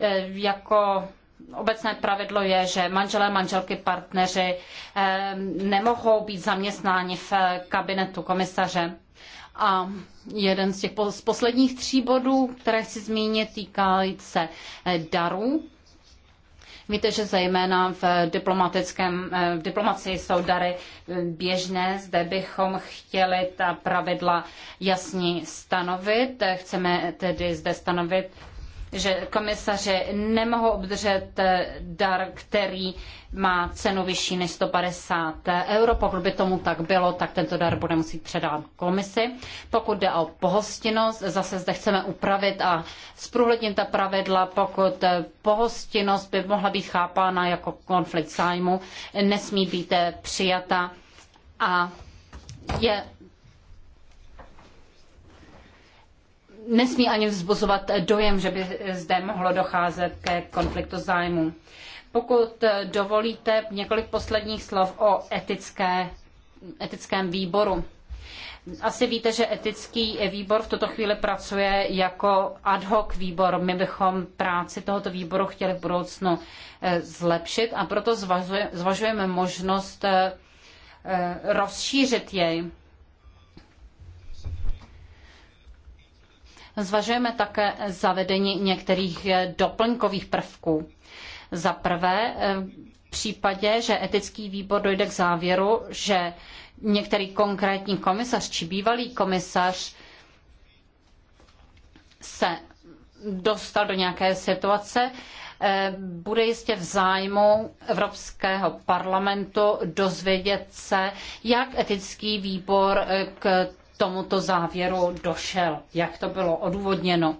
E, jako obecné pravidlo je, že manželé, manželky, partneři e, nemohou být zaměstnáni v kabinetu komisaře. A jeden z těch posledních tří bodů, které chci zmínit, týká se e, darů. Víte, že zejména v, diplomatickém, eh, v diplomacii jsou dary eh, běžné. Zde bychom chtěli ta pravidla jasně stanovit. Chceme tedy zde stanovit že komisaři nemohou obdržet eh, dar, který má cenu vyšší než 150 euro. Pokud by tomu tak bylo, tak tento dar bude muset předat komisi. Pokud jde o pohostinnost, zase zde chceme upravit a zprůhlednit ta pravidla, pokud eh, pohostinnost by mohla být chápána jako konflikt zájmu, nesmí být eh, přijata a je nesmí ani vzbuzovat dojem, že by zde mohlo docházet ke konfliktu zájmu. Pokud dovolíte několik posledních slov o etické, etickém výboru. Asi víte, že etický výbor v tuto chvíli pracuje jako ad hoc výbor. My bychom práci tohoto výboru chtěli v budoucnu eh, zlepšit a proto zvažujeme možnost eh, eh, rozšířit jej Zvažujeme také zavedení některých eh, doplňkových prvků. Za prvé, eh, v případě, že etický výbor dojde k závěru, že některý konkrétní komisař či bývalý komisař se dostal do nějaké situace, eh, bude jistě v zájmu Evropského parlamentu dozvědět se, jak etický výbor k tomuto závěru došel, jak to bylo odůvodněno.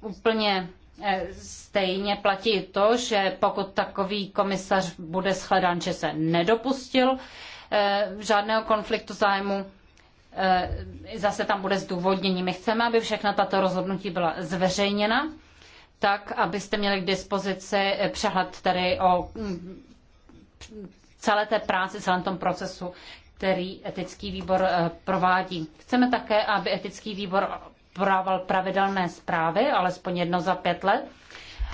Úplně eh, Stejně platí to, že pokud takový komisař bude shledán, že se nedopustil eh, žádného konfliktu zájmu, eh, zase tam bude zdůvodnění. My chceme, aby všechna tato rozhodnutí byla zveřejněna, tak abyste měli k dispozici přehled tedy o mm, celé té práci, celém tom procesu, který etický výbor eh, provádí. Chceme také, aby etický výbor podával pravidelné zprávy, alespoň jedno za pět let.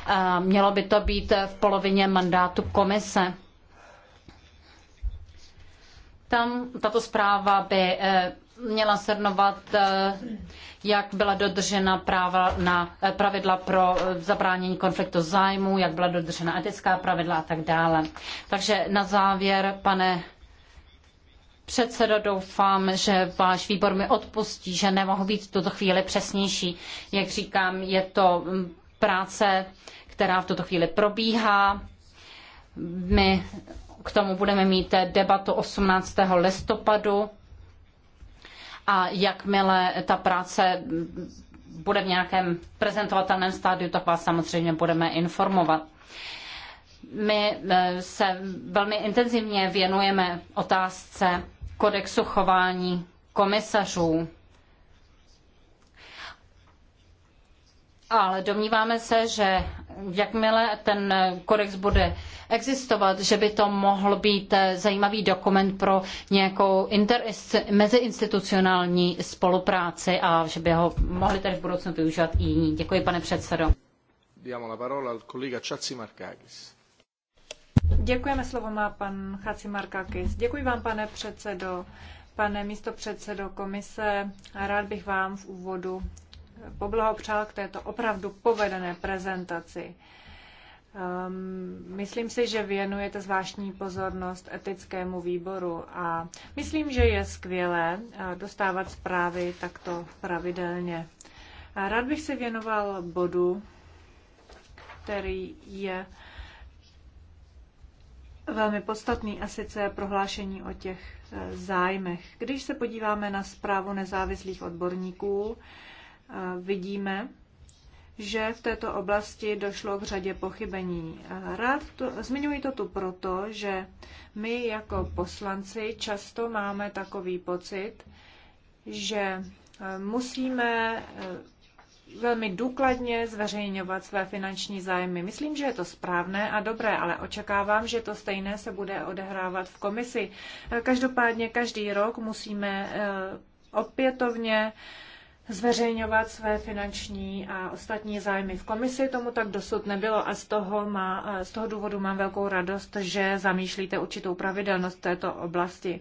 Eh, mělo by to být v polovině mandátu komise. Tam tato zpráva by eh, měla srnovat, jak byla dodržena práva na pravidla pro zabránění konfliktu zájmu, jak byla dodržena etická pravidla a tak dále. Takže na závěr, pane předsedo, doufám, že váš výbor mi odpustí, že nemohu být v tuto chvíli přesnější. Jak říkám, je to mm, práce, která v tuto chvíli probíhá. My k tomu budeme mít debatu 18. listopadu a jakmile ta práce mm, bude v nějakém prezentovatelném stádiu, tak vás samozřejmě budeme informovat my eh, se velmi intenzivně věnujeme otázce kodexu chování komisařů. Ale domníváme se, že jakmile ten kodex bude existovat, že by to mohl být eh, zajímavý dokument pro nějakou inter, meziinstitucionální spolupráci a že by ho mohli tady v budoucnu využívat i jiní. Děkuji, pane předsedo. Diamo la parola al collega Markakis. Děkujeme, slovo má pan Markakis. Děkuji vám, pane předsedo, pane místopředsedo komise. Rád bych vám v úvodu poblahopřál k této opravdu povedené prezentaci. Um, myslím si, že věnujete zvláštní pozornost etickému výboru a myslím, že je skvělé uh, dostávat zprávy takto pravidelně. A rád bych se věnoval bodu, který je uh, velmi podstatný, a sice prohlášení o těch e, zájmech. Když se podíváme na zprávu nezávislých odborníků, e, vidíme, že v této oblasti došlo k řadě pochybení. E, rád to, zmiňuji to tu proto, že my jako poslanci často máme takový pocit, že musíme velmi důkladně zveřejňovat své finanční zájmy. Myslím, že je to správné a dobré, ale očekávám, že to stejné se bude odehrávat v komisi. Každopádně každý rok musíme eh, opětovně zveřejňovat své finanční a ostatní zájmy v komisi. Tomu tak dosud nebylo a z toho, má, eh, z toho důvodu mám velkou radost, že zamýšlíte určitou pravidelnost této oblasti.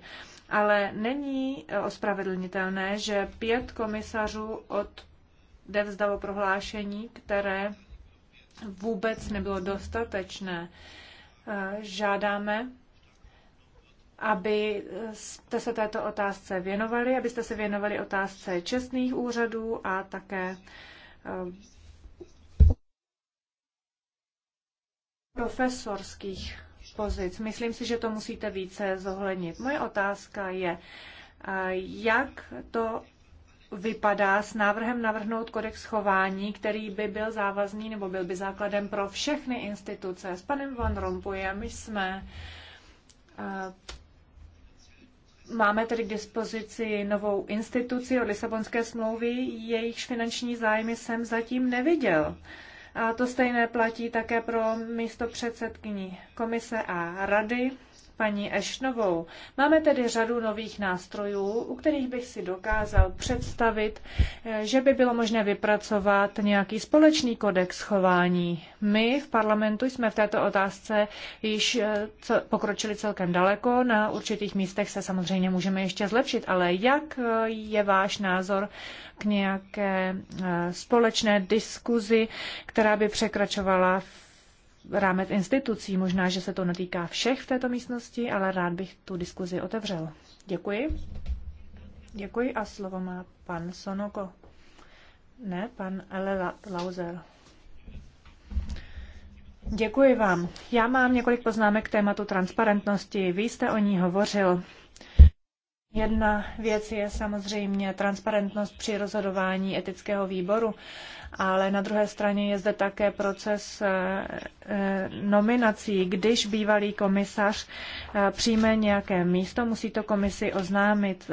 Ale není eh, ospravedlnitelné, že pět komisařů od kde vzdalo prohlášení, které vůbec nebylo dostatečné. Žádáme, abyste se této otázce věnovali, abyste se věnovali otázce čestných úřadů a také eh, profesorských pozic. Myslím si, že to musíte více zohlednit. Moje otázka je, eh, jak to vypadá s návrhem navrhnout kodex chování, který by byl závazný nebo byl by základem pro všechny instituce. S panem Van Rompuyem jsme eh, Máme tedy k dispozici novou instituci od Lisabonské smlouvy, jejichž finanční zájmy jsem zatím neviděl. A to stejné platí také pro místo předsedkyní komise a rady paní Ešnovou. Máme tedy řadu nových nástrojů, u kterých bych si dokázal představit, eh, že by bylo možné vypracovat nějaký společný kodex chování. My v parlamentu jsme v této otázce již eh, pokročili celkem daleko. Na určitých místech se samozřejmě můžeme ještě zlepšit, ale jak eh, je váš názor k nějaké společné diskuzi, která by překračovala rámec institucí. Možná, že se to netýká všech v této místnosti, ale rád bych tu diskuzi otevřel. Děkuji. Děkuji a slovo má pan Sonoko. Ne, pan Ele Lauser. Děkuji vám. Já mám několik poznámek k tématu transparentnosti. Vy jste o ní hovořil. Jedna věc je samozřejmě transparentnost při rozhodování etického výboru, ale na druhé straně je zde také proces eh, eh, nominací. Když bývalý komisař eh, přijme nějaké místo, musí to komisi oznámit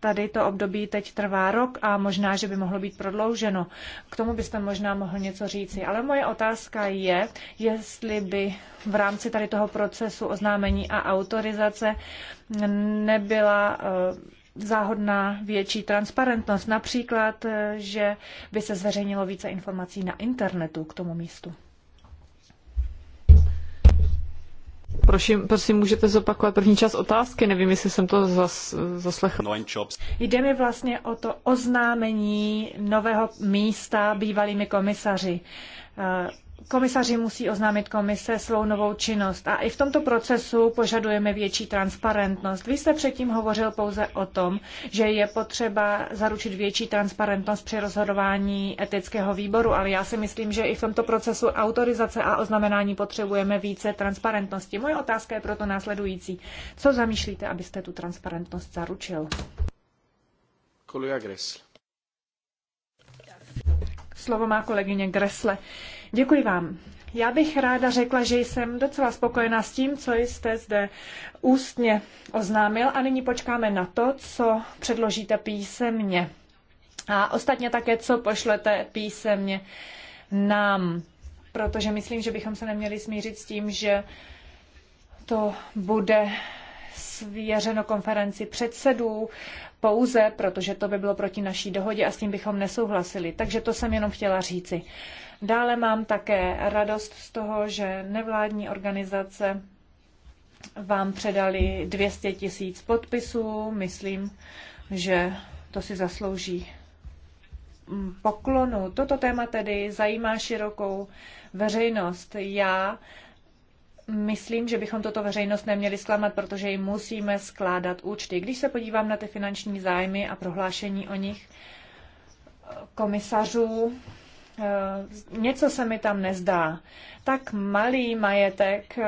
tady to období teď trvá rok a možná, že by mohlo být prodlouženo. K tomu byste možná mohl něco říci. Ale moje otázka je, jestli by v rámci tady toho procesu oznámení a autorizace nebyla eh, záhodná větší transparentnost. Například, eh, že by se zveřejnilo více informací na internetu k tomu místu. Prosím, prosím, můžete zopakovat první část otázky, nevím, jestli jsem to zas, zaslechl. Jde mi vlastně o to oznámení nového místa bývalými komisaři. Komisaři musí oznámit komise svou novou činnost a i v tomto procesu požadujeme větší transparentnost. Vy jste předtím hovořil pouze o tom, že je potřeba zaručit větší transparentnost při rozhodování etického výboru, ale já si myslím, že i v tomto procesu autorizace a oznamenání potřebujeme více transparentnosti. Moje otázka je proto následující. Co zamýšlíte, abyste tu transparentnost zaručil? Kolega Gressle. Slovo má kolegyně Gressle. Děkuji vám. Já bych ráda řekla, že jsem docela spokojená s tím, co jste zde ústně oznámil a nyní počkáme na to, co předložíte písemně. A ostatně také, co pošlete písemně nám, protože myslím, že bychom se neměli smířit s tím, že to bude svěřeno konferenci předsedů pouze, protože to by bylo proti naší dohodě a s tím bychom nesouhlasili. Takže to jsem jenom chtěla říci. Dále mám také radost z toho, že nevládní organizace vám předali 200 tisíc podpisů. Myslím, že to si zaslouží mm, poklonu. Toto téma tedy zajímá širokou veřejnost. Já myslím, že bychom toto veřejnost neměli zklamat, protože jim musíme skládat účty. Když se podívám na ty finanční zájmy a prohlášení o nich komisařů, Eh, něco se mi tam nezdá. Tak malý majetek, eh,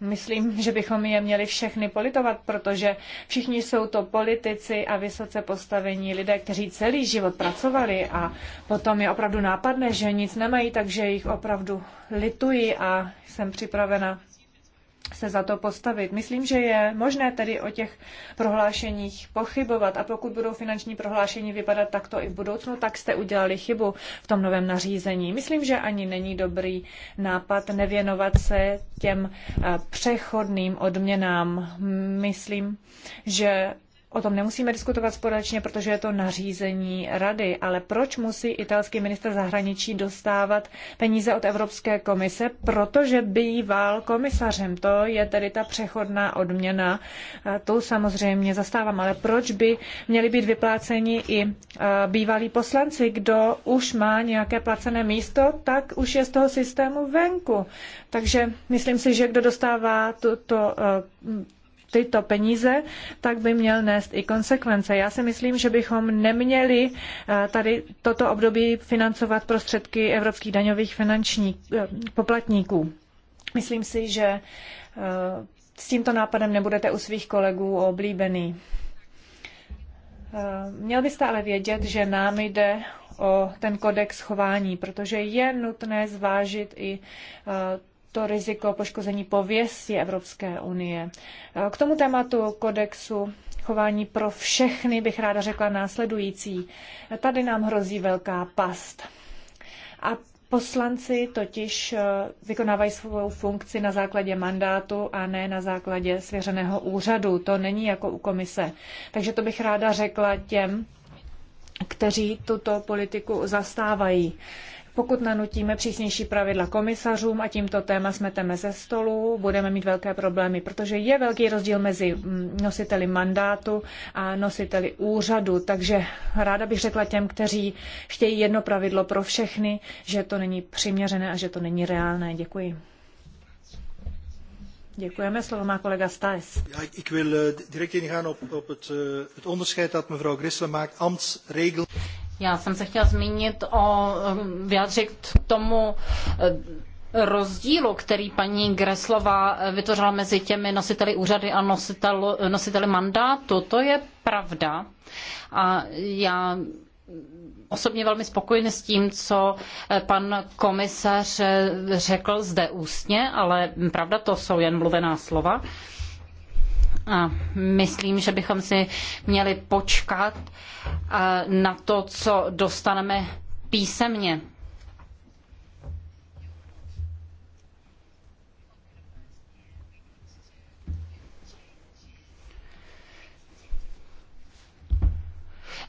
myslím, (laughs) že bychom je měli všechny politovat, protože všichni jsou to politici a vysoce postavení lidé, kteří celý život pracovali a potom je opravdu nápadné, že nic nemají, takže jich opravdu lituji a jsem připravena se za to postavit. Myslím, že je možné tedy o těch prohlášeních pochybovat a pokud budou finanční prohlášení vypadat takto i v budoucnu, tak jste udělali chybu v tom novém nařízení. Myslím, že ani není dobrý nápad nevěnovat se těm eh, přechodným odměnám. Myslím, že O tom nemusíme diskutovat společně, protože je to nařízení rady, ale proč musí italský minister zahraničí dostávat peníze od Evropské komise? Protože býval komisařem. To je tedy ta přechodná odměna. Tu samozřejmě zastávám, ale proč by měli být vypláceni i bývalí poslanci? Kdo už má nějaké placené místo, tak už je z toho systému venku. Takže myslím si, že kdo dostává tuto tyto peníze, tak by měl nést i konsekvence. Já si myslím, že bychom neměli eh, tady toto období financovat prostředky evropských daňových finančních eh, poplatníků. Myslím si, že eh, s tímto nápadem nebudete u svých kolegů oblíbený. Měl byste ale vědět, že nám jde o ten kodex chování, protože je nutné zvážit i to riziko poškození pověsti Evropské unie. Eh, k tomu tématu kodexu chování pro všechny bych ráda řekla následující. Tady nám hrozí velká past. A poslanci totiž eh, vykonávají svou funkci na základě mandátu a ne na základě svěřeného úřadu. To není jako u komise. Takže to bych ráda řekla těm, kteří tuto politiku zastávají. Pokud nanutíme přísnější pravidla komisařům a tímto téma smeteme ze stolu, budeme mít velké problémy, protože je velký rozdíl mezi mm, nositeli mandátu a nositeli úřadu. Takže ráda bych řekla těm, kteří chtějí jedno pravidlo pro všechny, že to není přiměřené a že to není reálné. Děkuji. Děkujeme, slovo má kolega Stajs. Ja, ik wil uh, direct ingaan op, op het, uh, het onderscheid dat mevrouw Grissel maakt, ambtsregel. Já jsem se chtěla zmínit o um, vyjádřit k tomu eh, rozdílu, který paní Greslova eh, vytvořila mezi těmi nositeli úřady a nositel, eh, nositeli mandátu. To je pravda. A já osobně velmi spokojen s tím, co pan komisař řekl zde ústně, ale pravda to jsou jen mluvená slova. A myslím, že bychom si měli počkat eh, na to, co dostaneme písemně.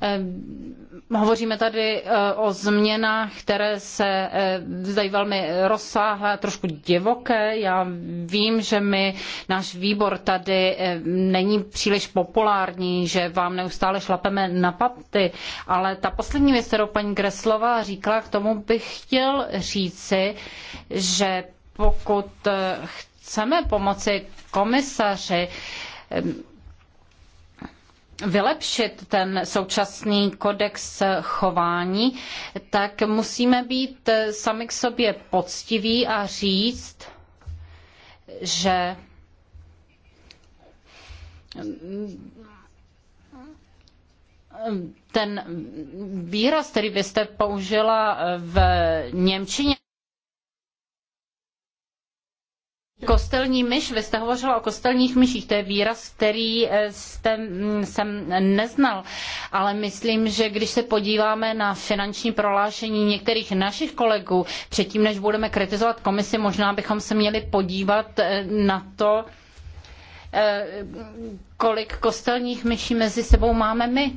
Ehm, hovoříme tady e, o změnách, které se e, zdají velmi rozsáhlé, trošku divoké. Já vím, že my, náš výbor tady e, není příliš populární, že vám neustále šlapeme na paty, ale ta poslední věc, kterou paní Greslová říkala, k tomu bych chtěl říci, že pokud chceme pomoci komisaři, vylepšit ten současný kodex chování, tak musíme být sami k sobě poctiví a říct, že ten výraz, který vy jste použila v Němčině, Kostelní myš, vy jste hovořila o kostelních myších, to je výraz, který eh, jste, mm, jsem neznal, ale myslím, že když se podíváme na finanční prohlášení některých našich kolegů, předtím, než budeme kritizovat komisi, možná bychom se měli podívat eh, na to, eh, kolik kostelních myší mezi sebou máme my.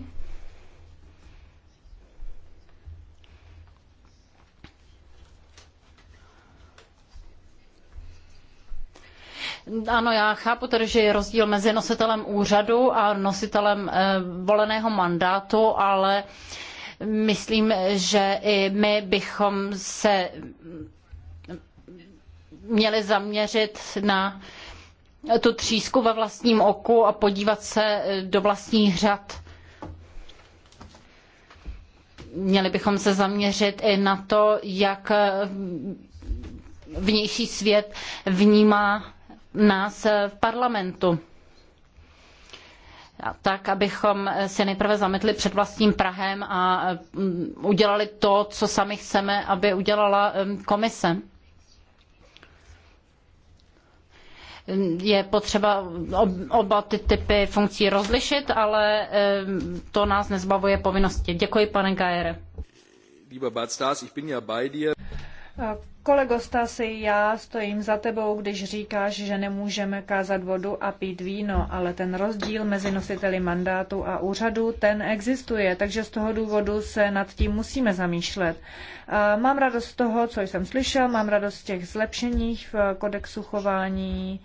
Ano, já chápu tedy, že je rozdíl mezi nositelem úřadu a nositelem eh, voleného mandátu, ale myslím, že i my bychom se měli zaměřit na tu třísku ve vlastním oku a podívat se eh, do vlastních řad. Měli bychom se zaměřit i na to, jak eh, vnější svět vnímá nás v parlamentu. Tak, abychom si nejprve zametli před vlastním Prahem a mm, udělali to, co sami chceme, aby udělala mm, komise. je potřeba oba ty typy funkcí rozlišit, ale mm, to nás nezbavuje povinnosti. Děkuji, pane Gajere. Lieber Bart Stars, ich bin ja bei dir. Kolego Stasi, já stojím za tebou, když říkáš, že nemůžeme kázat vodu a pít víno, ale ten rozdíl mezi nositeli mandátu a úřadu, ten existuje, takže z toho důvodu se nad tím musíme zamýšlet. Mám radost z toho, co jsem slyšel, mám radost z těch zlepšeních v kodexu chování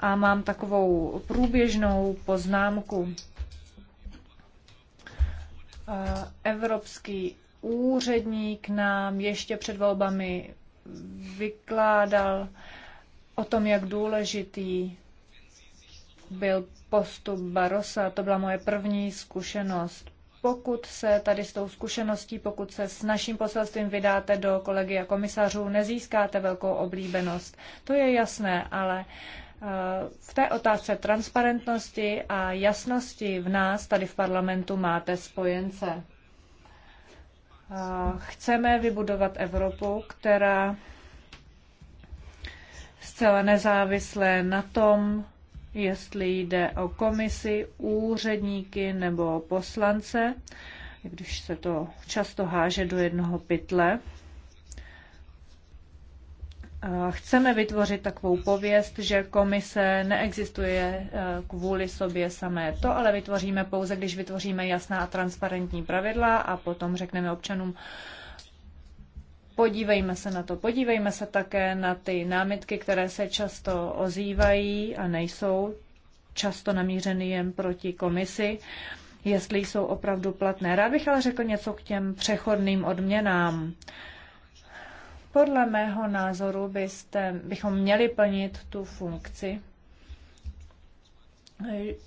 a mám takovou průběžnou poznámku. Evropský úředník nám ještě před volbami vykládal o tom, jak důležitý byl postup Barosa. To byla moje první zkušenost. Pokud se tady s tou zkušeností, pokud se s naším poselstvím vydáte do kolegy a komisařů, nezískáte velkou oblíbenost. To je jasné, ale eh, v té otázce transparentnosti a jasnosti v nás tady v parlamentu máte spojence. Chceme vybudovat Evropu, která zcela nezávisle na tom, jestli jde o komisi, úředníky nebo poslance, když se to často háže do jednoho pytle, chceme vytvořit takovou pověst, že komise neexistuje e, kvůli sobě samé. To ale vytvoříme pouze, když vytvoříme jasná a transparentní pravidla a potom řekneme občanům, podívejme se na to. Podívejme se také na ty námitky, které se často ozývají a nejsou často namířeny jen proti komisi, jestli jsou opravdu platné. Rád bych ale řekl něco k těm přechodným odměnám. Uh, podle mého názoru byste, bychom měli plnit tu funkci,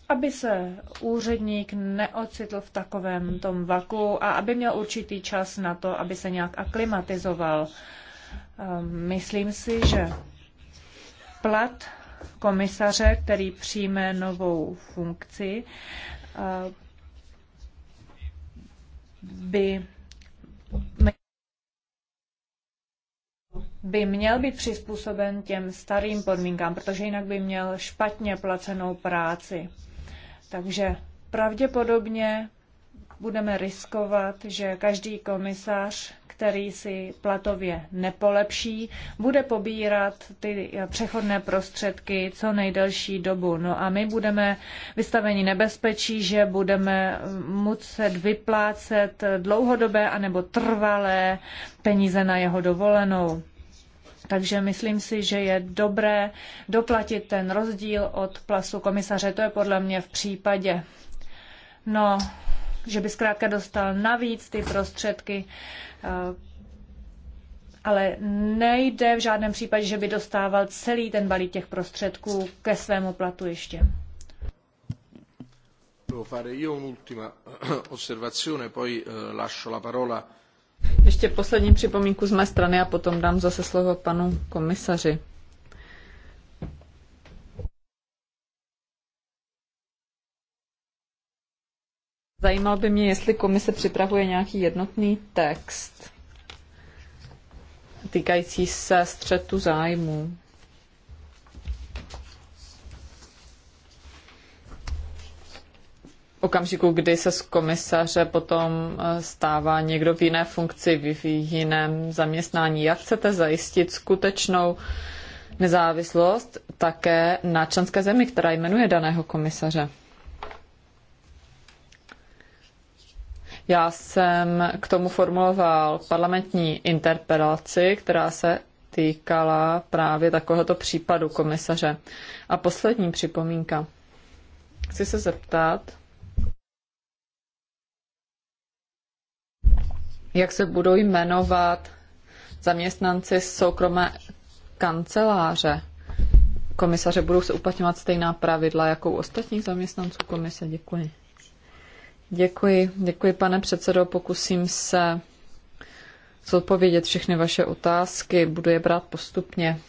aby se úředník neocitl v takovém tom vaku a aby měl určitý čas na to, aby se nějak aklimatizoval. Ehm, myslím si, že plat komisaře, který přijme novou funkci, ehm, by by měl být přizpůsoben těm starým podmínkám, protože jinak by měl špatně placenou práci. Takže pravděpodobně budeme riskovat, že každý komisař, který si platově nepolepší, bude pobírat ty přechodné prostředky co nejdelší dobu. No a my budeme vystaveni nebezpečí, že budeme muset vyplácet dlouhodobé anebo trvalé peníze na jeho dovolenou. Takže myslím si, že je dobré doplatit ten rozdíl od plasu komisaře. To je podle mě v případě. No, že by zkrátka dostal navíc ty prostředky, eh, ale nejde v žádném případě, že by dostával celý ten balík těch prostředků ke svému platu ještě. Fare io un'ultima eh, osservazione, poi eh, lascio la parola ještě poslední připomínku z mé strany a potom dám zase slovo panu komisaři. Zajímalo by mě, jestli komise připravuje nějaký jednotný text týkající se střetu zájmu. okamžiku, kdy se z komisaře potom e, stává někdo v jiné funkci, v jiném zaměstnání. Jak chcete zajistit skutečnou nezávislost také na členské zemi, která jmenuje daného komisaře? Já jsem k tomu formuloval parlamentní interpelaci, která se týkala právě takovéhoto případu komisaře. A poslední připomínka. Chci se zeptat, jak se budou jmenovat zaměstnanci soukromé kanceláře. Komisaře budou se uplatňovat stejná pravidla jako u ostatních zaměstnanců komise. Děkuji. Děkuji, děkuji pane předsedo. Pokusím se zodpovědět všechny vaše otázky. Budu je brát postupně.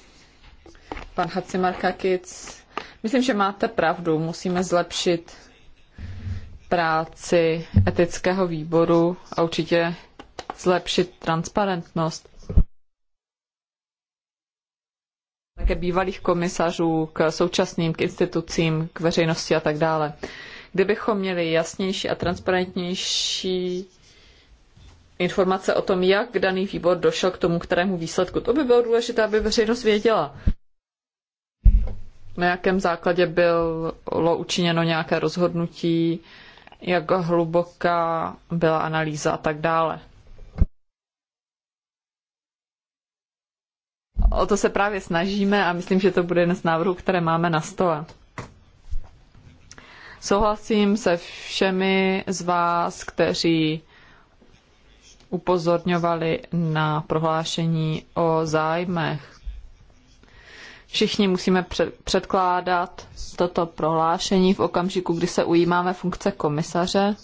Pan Markakic, myslím, že máte pravdu. Musíme zlepšit práci etického výboru a určitě zlepšit transparentnost. Také bývalých komisařů k současným k institucím, k veřejnosti a tak dále. Kdybychom měli jasnější a transparentnější informace o tom, jak daný výbor došel k tomu, kterému výsledku. To by bylo důležité, aby veřejnost věděla, na jakém základě bylo učiněno nějaké rozhodnutí, jak hluboká byla analýza a tak dále. o to se právě snažíme a myslím, že to bude jeden z návrhů, které máme na stole. Souhlasím se všemi z vás, kteří upozorňovali na prohlášení o zájmech. Všichni musíme předkládat toto prohlášení v okamžiku, kdy se ujímáme funkce komisaře.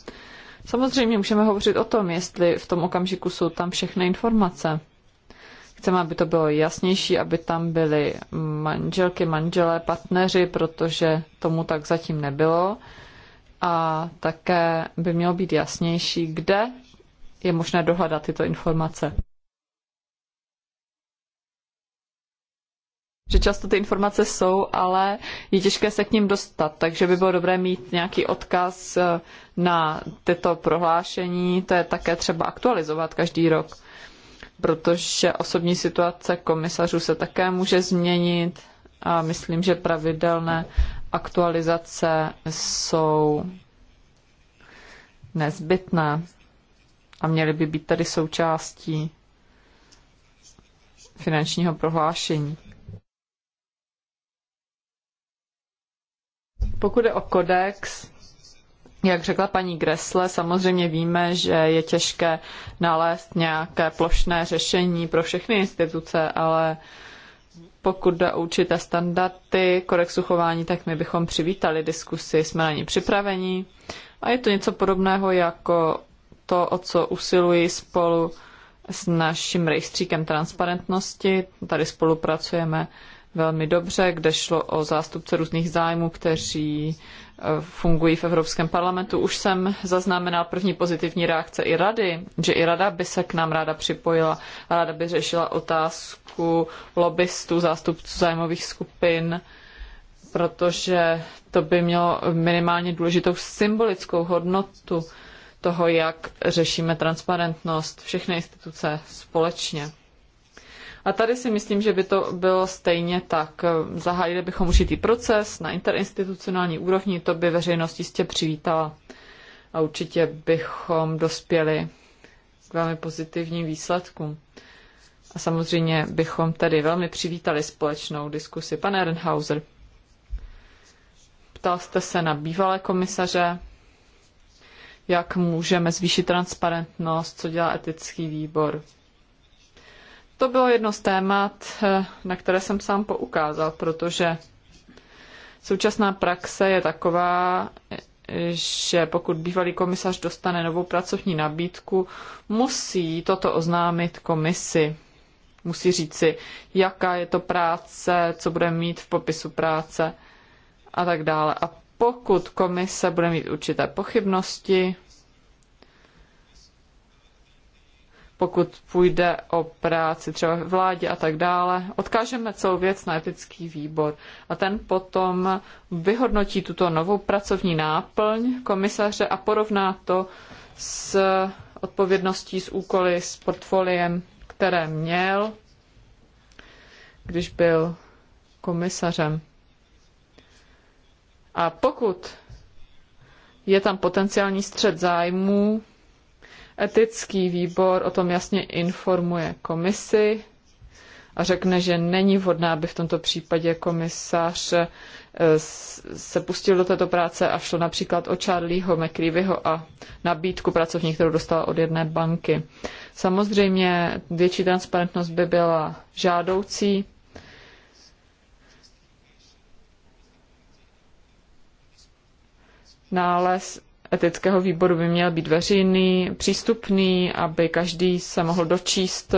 Samozřejmě můžeme hovořit o tom, jestli v tom okamžiku jsou tam všechny informace. Chceme, aby to bylo jasnější, aby tam byly manželky, manželé, partneři, protože tomu tak zatím nebylo. A také by mělo být jasnější, kde je možné dohledat tyto informace. že často ty informace jsou, ale je těžké se k ním dostat, takže by bylo dobré mít nějaký odkaz eh, na tyto prohlášení, to je také třeba aktualizovat každý rok protože osobní situace komisařů se také může změnit a myslím, že pravidelné aktualizace jsou nezbytné a měly by být tady součástí finančního prohlášení. Pokud je o kodex, jak řekla paní Gresle, samozřejmě víme, že je těžké nalézt nějaké plošné řešení pro všechny instituce, ale pokud jde o určité standardy kodexu chování, tak my bychom přivítali diskusi, jsme na ní připraveni. A je to něco podobného jako to, o co usiluji spolu s naším rejstříkem transparentnosti. Tady spolupracujeme velmi dobře, kde šlo o zástupce různých zájmů, kteří fungují v Evropském parlamentu. Už jsem zaznamenal první pozitivní reakce i rady, že i rada by se k nám ráda připojila. Ráda by řešila otázku lobbystů, zástupců zájmových skupin, protože to by mělo minimálně důležitou symbolickou hodnotu toho, jak řešíme transparentnost všechny instituce společně. A tady si myslím, že by to bylo stejně tak. Zahájili bychom určitý proces na interinstitucionální úrovni, to by veřejnost jistě přivítala. A určitě bychom dospěli k velmi pozitivním výsledkům. A samozřejmě bychom tedy velmi přivítali společnou diskusi. Pane Ehrenhauser, ptal jste se na bývalé komisaře, jak můžeme zvýšit transparentnost, co dělá etický výbor. To bylo jedno z témat, eh, na které jsem sám poukázal, protože současná praxe je taková, že pokud bývalý komisař dostane novou pracovní nabídku, musí toto oznámit komisi. Musí říci, jaká je to práce, co bude mít v popisu práce a tak dále. A pokud komise bude mít určité pochybnosti, pokud půjde o práci třeba v vládě a tak dále. Odkážeme celou věc na etický výbor a ten potom vyhodnotí tuto novou pracovní náplň komisaře a porovná to s odpovědností, s úkoly, s portfoliem, které měl, když byl komisařem. A pokud je tam potenciální střed zájmů, Etický výbor o tom jasně informuje komisi a řekne, že není vhodné, aby v tomto případě komisař eh, se pustil do této práce a šlo například o Charlieho McCreevyho a nabídku pracovní, kterou dostala od jedné banky. Samozřejmě větší transparentnost by byla žádoucí. Nález etického výboru by měl být veřejný, přístupný, aby každý se mohl dočíst,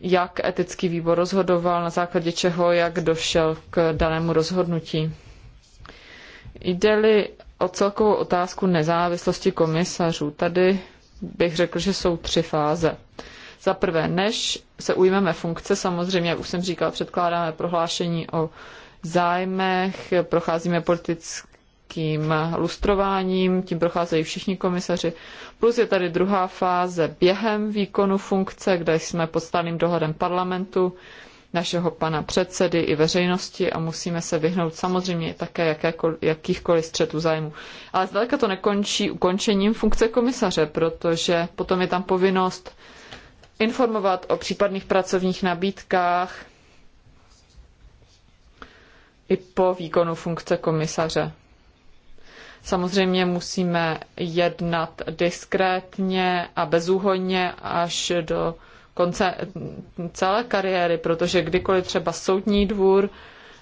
jak etický výbor rozhodoval, na základě čeho, jak došel k danému rozhodnutí. Jde-li o celkovou otázku nezávislosti komisařů, tady bych řekl, že jsou tři fáze. Za prvé, než se ujmeme funkce, samozřejmě, jak už jsem říkal, předkládáme prohlášení o zájmech, procházíme politickým tím lustrováním, tím procházejí všichni komisaři. Plus je tady druhá fáze během výkonu funkce, kde jsme pod stálým dohledem parlamentu, našeho pana předsedy i veřejnosti a musíme se vyhnout samozřejmě také jakýchkoliv střetů zájmu. Ale zdaleka to nekončí ukončením funkce komisaře, protože potom je tam povinnost informovat o případných pracovních nabídkách i po výkonu funkce komisaře. Samozřejmě musíme jednat diskrétně a bezúhonně až do konce celé kariéry, protože kdykoliv třeba soudní dvůr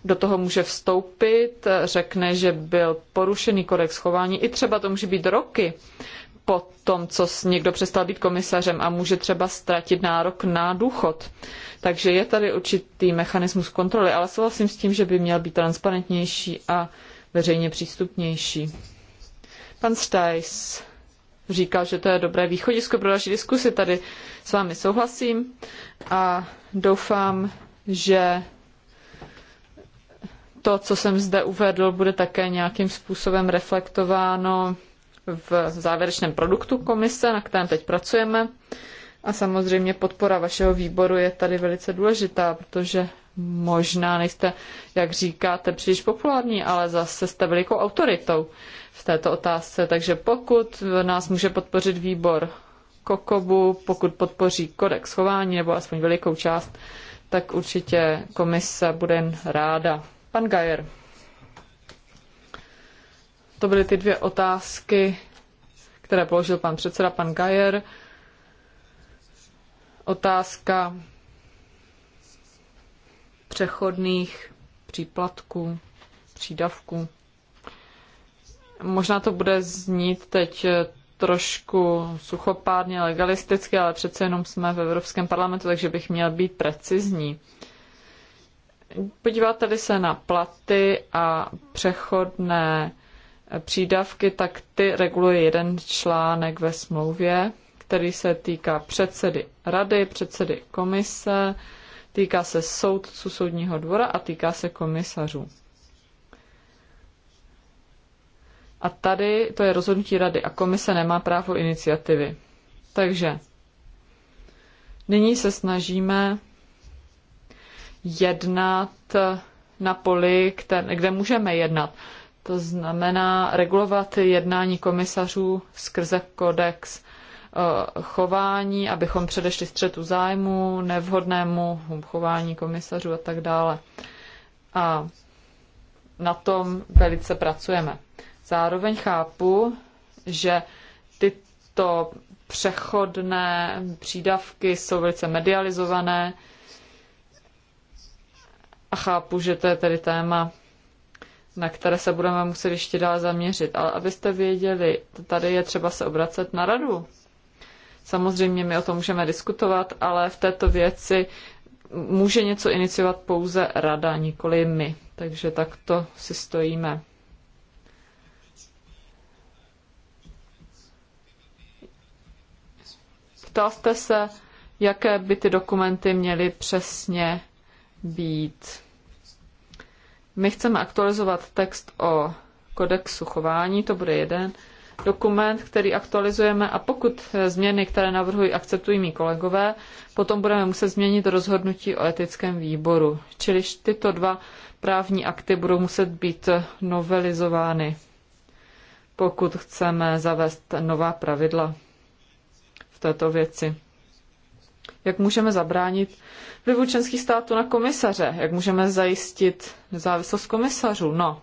do toho může vstoupit, řekne, že byl porušený kodex chování, i třeba to může být roky po tom, co někdo přestal být komisařem a může třeba ztratit nárok na důchod. Takže je tady určitý mechanismus kontroly, ale souhlasím s tím, že by měl být transparentnější a veřejně přístupnější. Pan Stajs říkal, že to je dobré východisko pro další diskusi. Tady s vámi souhlasím a doufám, že to, co jsem zde uvedl, bude také nějakým způsobem reflektováno v závěrečném produktu komise, na kterém teď pracujeme. A samozřejmě podpora vašeho výboru je tady velice důležitá, protože možná nejste, jak říkáte, příliš populární, ale zase jste velikou autoritou v této otázce. Takže pokud nás může podpořit výbor Kokobu, pokud podpoří kodex chování nebo aspoň velikou část, tak určitě komise bude jen ráda. Pan Gajer. To byly ty dvě otázky, které položil pan předseda, pan Gajer. Otázka přechodných příplatků, přídavků. Možná to bude znít teď trošku suchopádně legalisticky, ale přece jenom jsme v Evropském parlamentu, takže bych měl být precizní. Podíváte-li se na platy a přechodné přídavky, tak ty reguluje jeden článek ve smlouvě, který se týká předsedy rady, předsedy komise, týká se soudců soudního dvora a týká se komisařů. A tady to je rozhodnutí rady a komise nemá právo iniciativy. Takže nyní se snažíme jednat na poli, kde můžeme jednat. To znamená regulovat jednání komisařů skrze kodex Eh, chování, abychom předešli střetu zájmu, nevhodnému chování komisařů a tak dále. A na tom velice pracujeme. Zároveň chápu, že tyto přechodné přídavky jsou velice medializované a chápu, že to je tedy téma, na které se budeme muset ještě dál zaměřit. Ale abyste věděli, tady je třeba se obracet na radu, Samozřejmě my o tom můžeme diskutovat, ale v této věci může něco iniciovat pouze rada, nikoli my. Takže takto si stojíme. Ptal jste se, jaké by ty dokumenty měly přesně být. My chceme aktualizovat text o kodexu chování, to bude jeden dokument, který aktualizujeme a pokud změny, které navrhuji, akceptují mý kolegové, potom budeme muset změnit rozhodnutí o etickém výboru. Čili tyto dva právní akty budou muset být novelizovány, pokud chceme zavést nová pravidla v této věci. Jak můžeme zabránit vlivu členských států na komisaře? Jak můžeme zajistit nezávislost komisařů? No,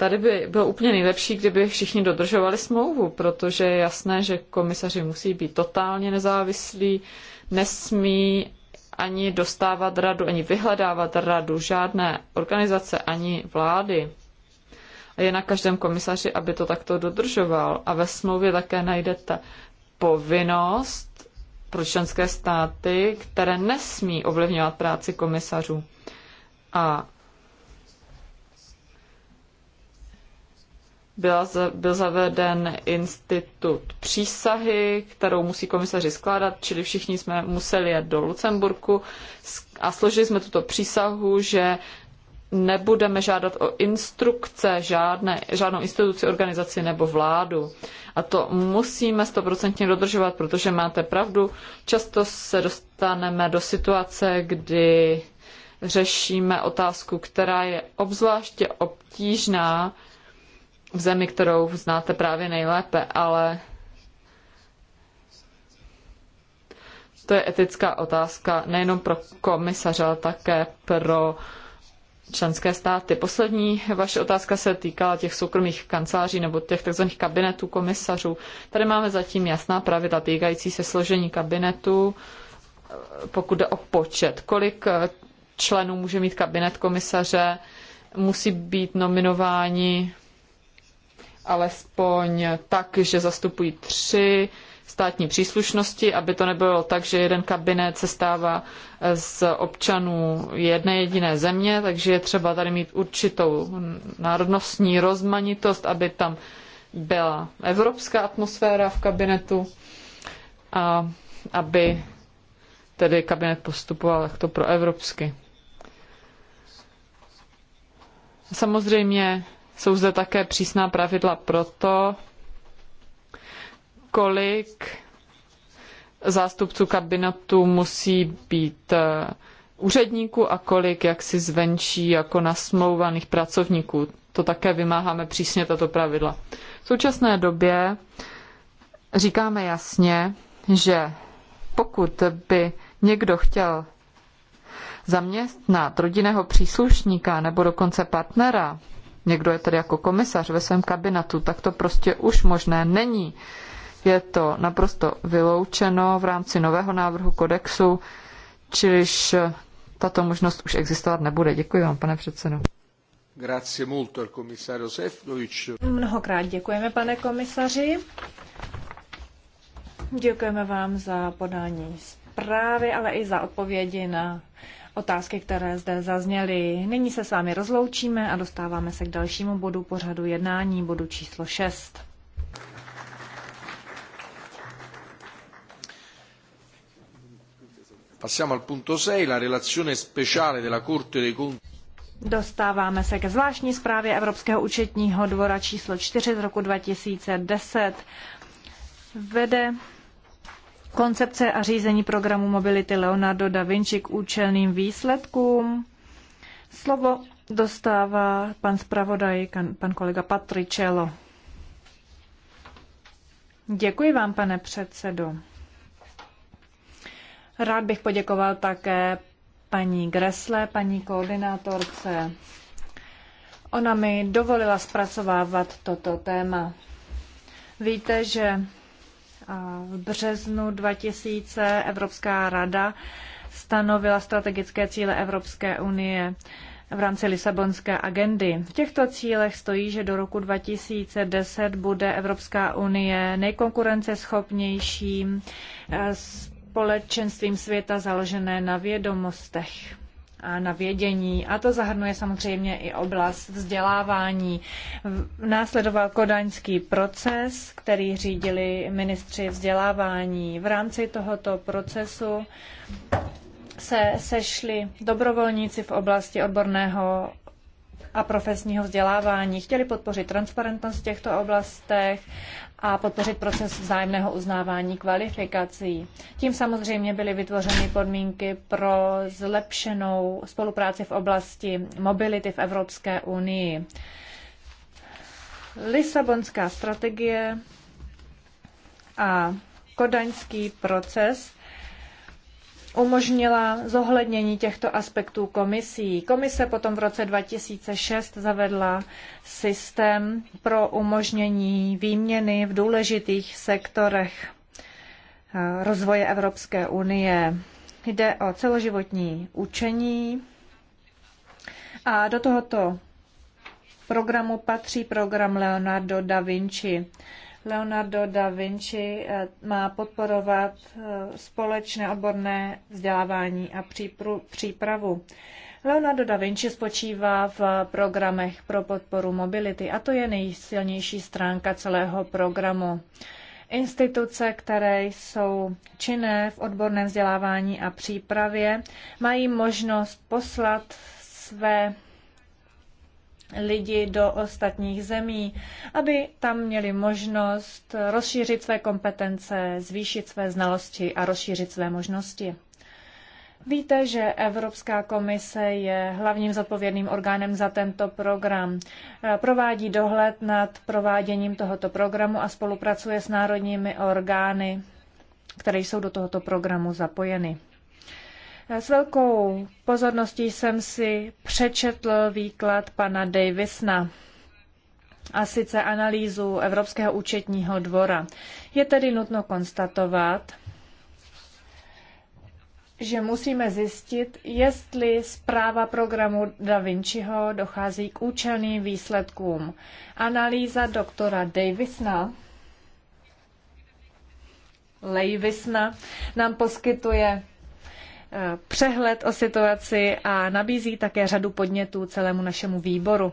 Tady by bylo úplně nejlepší, kdyby všichni dodržovali smlouvu, protože je jasné, že komisaři musí být totálně nezávislí, nesmí ani dostávat radu, ani vyhledávat radu žádné organizace, ani vlády. A je na každém komisaři, aby to takto dodržoval. A ve smlouvě také najdete povinnost pro členské státy, které nesmí ovlivňovat práci komisařů. A byla, byl zaveden institut přísahy, kterou musí komisaři skládat, čili všichni jsme museli jet do Lucemburku a složili jsme tuto přísahu, že nebudeme žádat o instrukce žádné, žádnou instituci, organizaci nebo vládu. A to musíme stoprocentně dodržovat, protože máte pravdu. Často se dostaneme do situace, kdy řešíme otázku, která je obzvláště obtížná, v zemi, kterou znáte právě nejlépe, ale to je etická otázka nejenom pro komisaře, ale také pro členské státy. Poslední vaše otázka se týkala těch soukromých kanceláří nebo těch tzv. kabinetů komisařů. Tady máme zatím jasná pravidla týkající se složení kabinetu, pokud jde o počet. Kolik členů může mít kabinet komisaře, musí být nominováni alespoň tak, že zastupují tři státní příslušnosti, aby to nebylo tak, že jeden kabinet se stává z občanů jedné jediné země, takže je třeba tady mít určitou národnostní rozmanitost, aby tam byla evropská atmosféra v kabinetu a aby tedy kabinet postupoval takto evropsky. Samozřejmě jsou zde také přísná pravidla pro to, kolik zástupců kabinetu musí být eh, úředníků a kolik jaksi zvenčí jako nasmlouvaných pracovníků. To také vymáháme přísně tato pravidla. V současné době říkáme jasně, že pokud by někdo chtěl zaměstnat rodinného příslušníka nebo dokonce partnera Někdo je tedy jako komisař ve svém kabinetu, tak to prostě už možné není. Je to naprosto vyloučeno v rámci nového návrhu kodexu, čiliž tato možnost už existovat nebude. Děkuji vám, pane předsedo. Mnohokrát děkujeme, pane komisaři. Děkujeme vám za podání zprávy, ale i za odpovědi na otázky, které zde zazněly. Nyní se s vámi rozloučíme a dostáváme se k dalšímu bodu pořadu jednání, bodu číslo 6. Passiamo al punto 6, la relazione speciale della Corte dei Conti. Dostáváme se ke zvláštní zprávě Evropského účetního dvora číslo 4 z roku 2010. Vede koncepce a řízení programu mobility Leonardo da Vinci k účelným výsledkům. Slovo dostává pan zpravodaj, pan kolega Patricello. Děkuji vám, pane předsedo. Rád bych poděkoval také paní Gresle, paní koordinátorce. Ona mi dovolila zpracovávat toto téma. Víte, že v březnu 2000 Evropská rada stanovila strategické cíle Evropské unie v rámci Lisabonské agendy. V těchto cílech stojí, že do roku 2010 bude Evropská unie nejkonkurenceschopnějším eh, společenstvím světa založené na vědomostech na vědění. A to zahrnuje samozřejmě i oblast vzdělávání. Následoval kodaňský proces, který řídili ministři vzdělávání. V rámci tohoto procesu se sešli dobrovolníci v oblasti odborného a profesního vzdělávání. Chtěli podpořit transparentnost v těchto oblastech a podpořit proces vzájemného uznávání kvalifikací. Tím samozřejmě byly vytvořeny podmínky pro zlepšenou spolupráci v oblasti mobility v Evropské unii. Lisabonská strategie a kodaňský proces umožnila zohlednění těchto aspektů komisí. Komise potom v roce 2006 zavedla systém pro umožnění výměny v důležitých sektorech eh, rozvoje Evropské unie. Jde o celoživotní učení a do tohoto programu patří program Leonardo da Vinci. Leonardo da Vinci eh, má podporovat eh, společné odborné vzdělávání a přípravu. Leonardo da Vinci spočívá v programech pro podporu mobility a to je nejsilnější stránka celého programu. Instituce, které jsou činné v odborném vzdělávání a přípravě, mají možnost poslat své lidi do ostatních zemí, aby tam měli možnost rozšířit své kompetence, zvýšit své znalosti a rozšířit své možnosti. Víte, že Evropská komise je hlavním zodpovědným orgánem za tento program. Provádí dohled nad prováděním tohoto programu a spolupracuje s národními orgány, které jsou do tohoto programu zapojeny. S velkou pozorností jsem si přečetl výklad pana Davisna a sice analýzu Evropského účetního dvora. Je tedy nutno konstatovat, že musíme zjistit, jestli zpráva programu Da Vinciho dochází k účelným výsledkům. Analýza doktora Davisna Lejvisna nám poskytuje přehled o situaci a nabízí také řadu podnětů celému našemu výboru.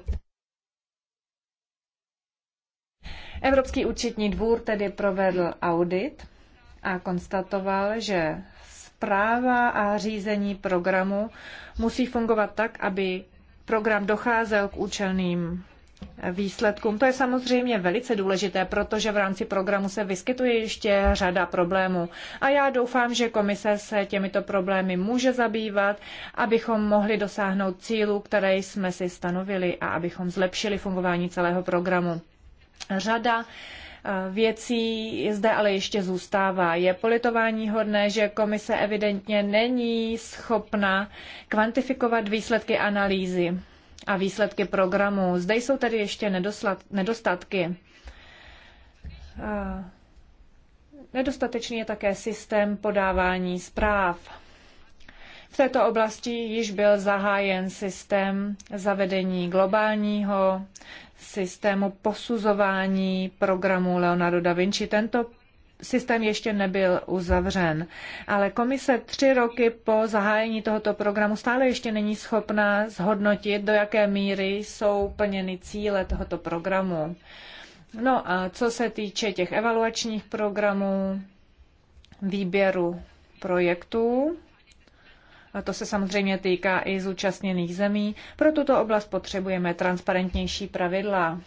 Evropský účetní dvůr tedy provedl audit a konstatoval, že zpráva a řízení programu musí fungovat tak, aby program docházel k účelným výsledkům. To je samozřejmě velice důležité, protože v rámci programu se vyskytuje ještě řada problémů. A já doufám, že komise se těmito problémy může zabývat, abychom mohli dosáhnout cílů, které jsme si stanovili a abychom zlepšili fungování celého programu. Řada eh, věcí zde ale ještě zůstává. Je politování hodné, že komise evidentně není schopna kvantifikovat výsledky analýzy a výsledky programů. Zde jsou tedy ještě nedostatky. Nedostatečný je také systém podávání zpráv. V této oblasti již byl zahájen systém zavedení globálního systému posuzování programu Leonardo da Vinci. Tento systém ještě nebyl uzavřen. Ale komise tři roky po zahájení tohoto programu stále ještě není schopna zhodnotit, do jaké míry jsou plněny cíle tohoto programu. No a co se týče těch evaluačních programů, výběru projektů, a to se samozřejmě týká i zúčastněných zemí, pro tuto oblast potřebujeme transparentnější pravidla.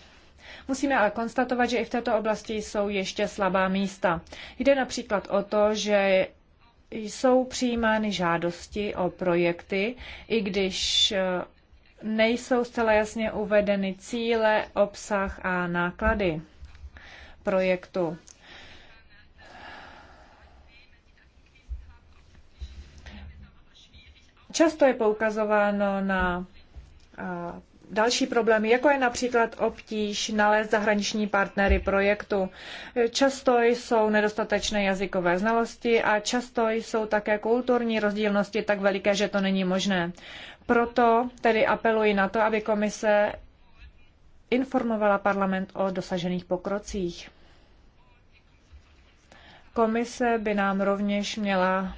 Musíme ale konstatovat, že i v této oblasti jsou ještě slabá místa. Jde například o to, že jsou přijímány žádosti o projekty, i když e, nejsou zcela jasně uvedeny cíle, obsah a náklady projektu. Často je poukazováno na další problémy, jako je například obtíž nalézt zahraniční partnery projektu. Často jsou nedostatečné jazykové znalosti a často jsou také kulturní rozdílnosti tak veliké, že to není možné. Proto tedy apeluji na to, aby komise informovala parlament o dosažených pokrocích. Komise by nám rovněž měla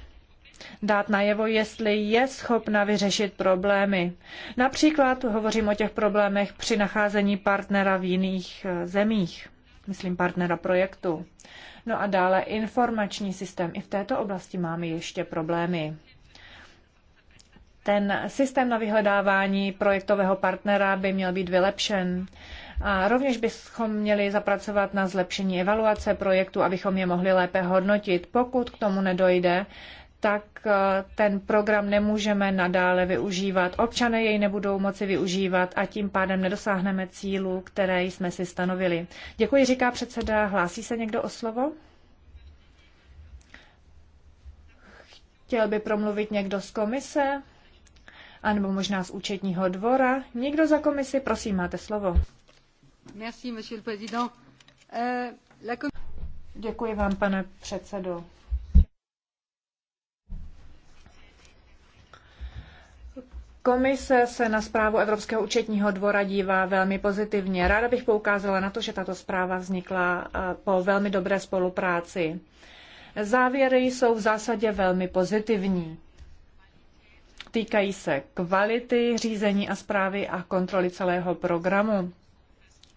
dát najevo, jestli je schopna vyřešit problémy. Například hovořím o těch problémech při nacházení partnera v jiných eh, zemích, myslím partnera projektu. No a dále informační systém. I v této oblasti máme ještě problémy. Ten systém na vyhledávání projektového partnera by měl být vylepšen. A rovněž bychom měli zapracovat na zlepšení evaluace projektu, abychom je mohli lépe hodnotit. Pokud k tomu nedojde, tak eh, ten program nemůžeme nadále využívat. Občané jej nebudou moci využívat a tím pádem nedosáhneme cílu, které jsme si stanovili. Děkuji, říká předseda. Hlásí se někdo o slovo? Chtěl by promluvit někdo z komise? A nebo možná z účetního dvora? Někdo za komisi? Prosím, máte slovo. Merci, monsieur le président. Euh, Děkuji vám, pane předsedo. Komise se na zprávu Evropského účetního dvora dívá velmi pozitivně. Ráda bych poukázala na to, že tato zpráva vznikla eh, po velmi dobré spolupráci. Závěry jsou v zásadě velmi pozitivní. Týkají se kvality řízení a zprávy a kontroly celého programu.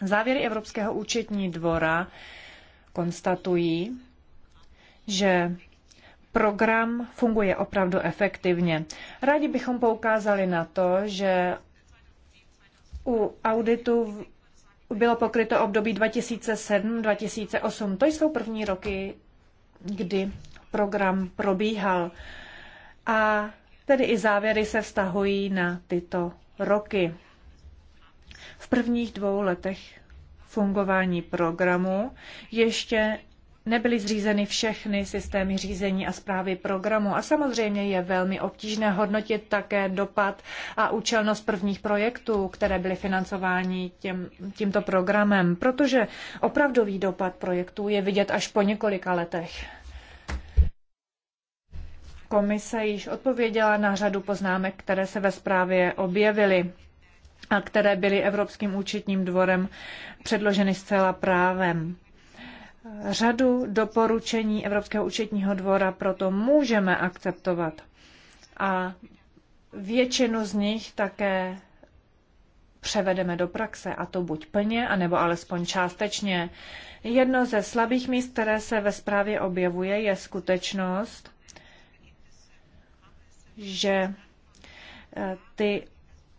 Závěry Evropského účetní dvora konstatují, že program funguje opravdu efektivně. Rádi bychom poukázali na to, že u auditu bylo pokryto období 2007-2008. To jsou první roky, kdy program probíhal. A tedy i závěry se vztahují na tyto roky. V prvních dvou letech fungování programu ještě nebyly zřízeny všechny systémy řízení a zprávy programu. A samozřejmě je velmi obtížné hodnotit také dopad a účelnost prvních projektů, které byly financovány těm, tímto programem, protože opravdový dopad projektů je vidět až po několika letech. Komise již odpověděla na řadu poznámek, které se ve zprávě objevily a které byly Evropským účetním dvorem předloženy zcela právem řadu doporučení Evropského účetního dvora proto můžeme akceptovat. A většinu z nich také převedeme do praxe, a to buď plně, anebo alespoň částečně. Jedno ze slabých míst, které se ve zprávě objevuje, je skutečnost, že eh, ty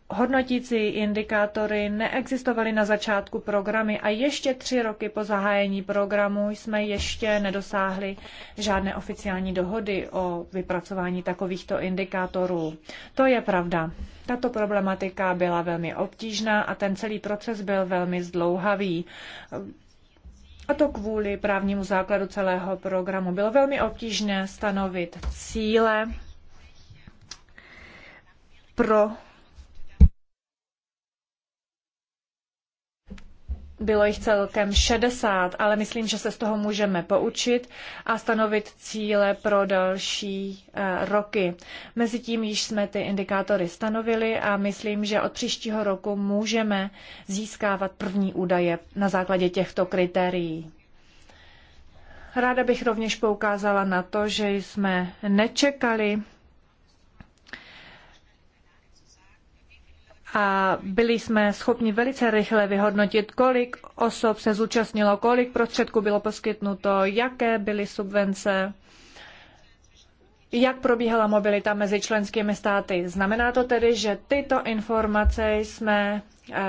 Hodnotící indikátory neexistovaly na začátku programy a ještě tři roky po zahájení programu jsme ještě nedosáhli žádné oficiální dohody o vypracování takovýchto indikátorů. To je pravda. Tato problematika byla velmi obtížná a ten celý proces byl velmi zdlouhavý. A to kvůli právnímu základu celého programu. Bylo velmi obtížné stanovit cíle pro Bylo jich celkem 60, ale myslím, že se z toho můžeme poučit a stanovit cíle pro další eh, roky. Mezitím již jsme ty indikátory stanovili a myslím, že od příštího roku můžeme získávat první údaje na základě těchto kritérií. Ráda bych rovněž poukázala na to, že jsme nečekali a byli jsme schopni velice rychle vyhodnotit, kolik osob se zúčastnilo, kolik prostředků bylo poskytnuto, jaké byly subvence, jak probíhala mobilita mezi členskými státy. Znamená to tedy, že tyto informace jsme eh,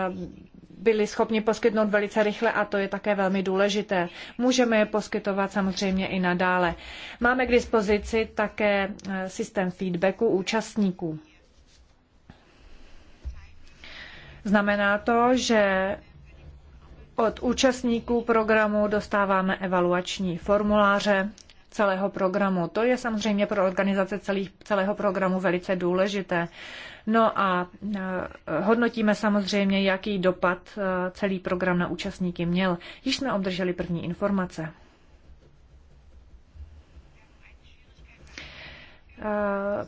byli schopni poskytnout velice rychle a to je také velmi důležité. Můžeme je poskytovat samozřejmě i nadále. Máme k dispozici také eh, systém feedbacku účastníků. Znamená to, že od účastníků programu dostáváme evaluační formuláře celého programu. To je samozřejmě pro organizace celých, celého programu velice důležité. No a e, hodnotíme samozřejmě, jaký dopad e, celý program na účastníky měl. Již jsme obdrželi první informace. Uh,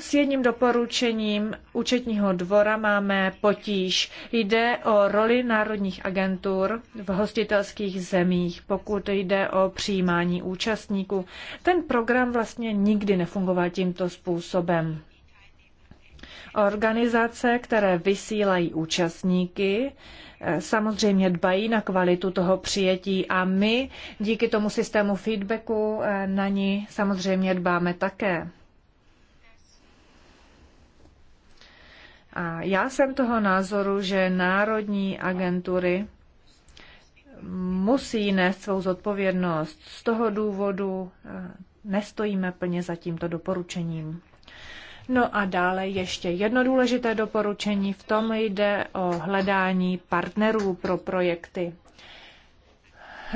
s jedním doporučením účetního dvora máme potíž. Jde o roli národních agentur v hostitelských zemích, pokud jde o přijímání účastníků. Ten program vlastně nikdy nefungoval tímto způsobem. Organizace, které vysílají účastníky, eh, samozřejmě dbají na kvalitu toho přijetí a my díky tomu systému feedbacku eh, na ní samozřejmě dbáme také. A já jsem toho názoru, že národní agentury musí nést svou zodpovědnost. Z toho důvodu e, nestojíme plně za tímto doporučením. No a dále ještě jedno důležité doporučení. V tom jde o hledání partnerů pro projekty.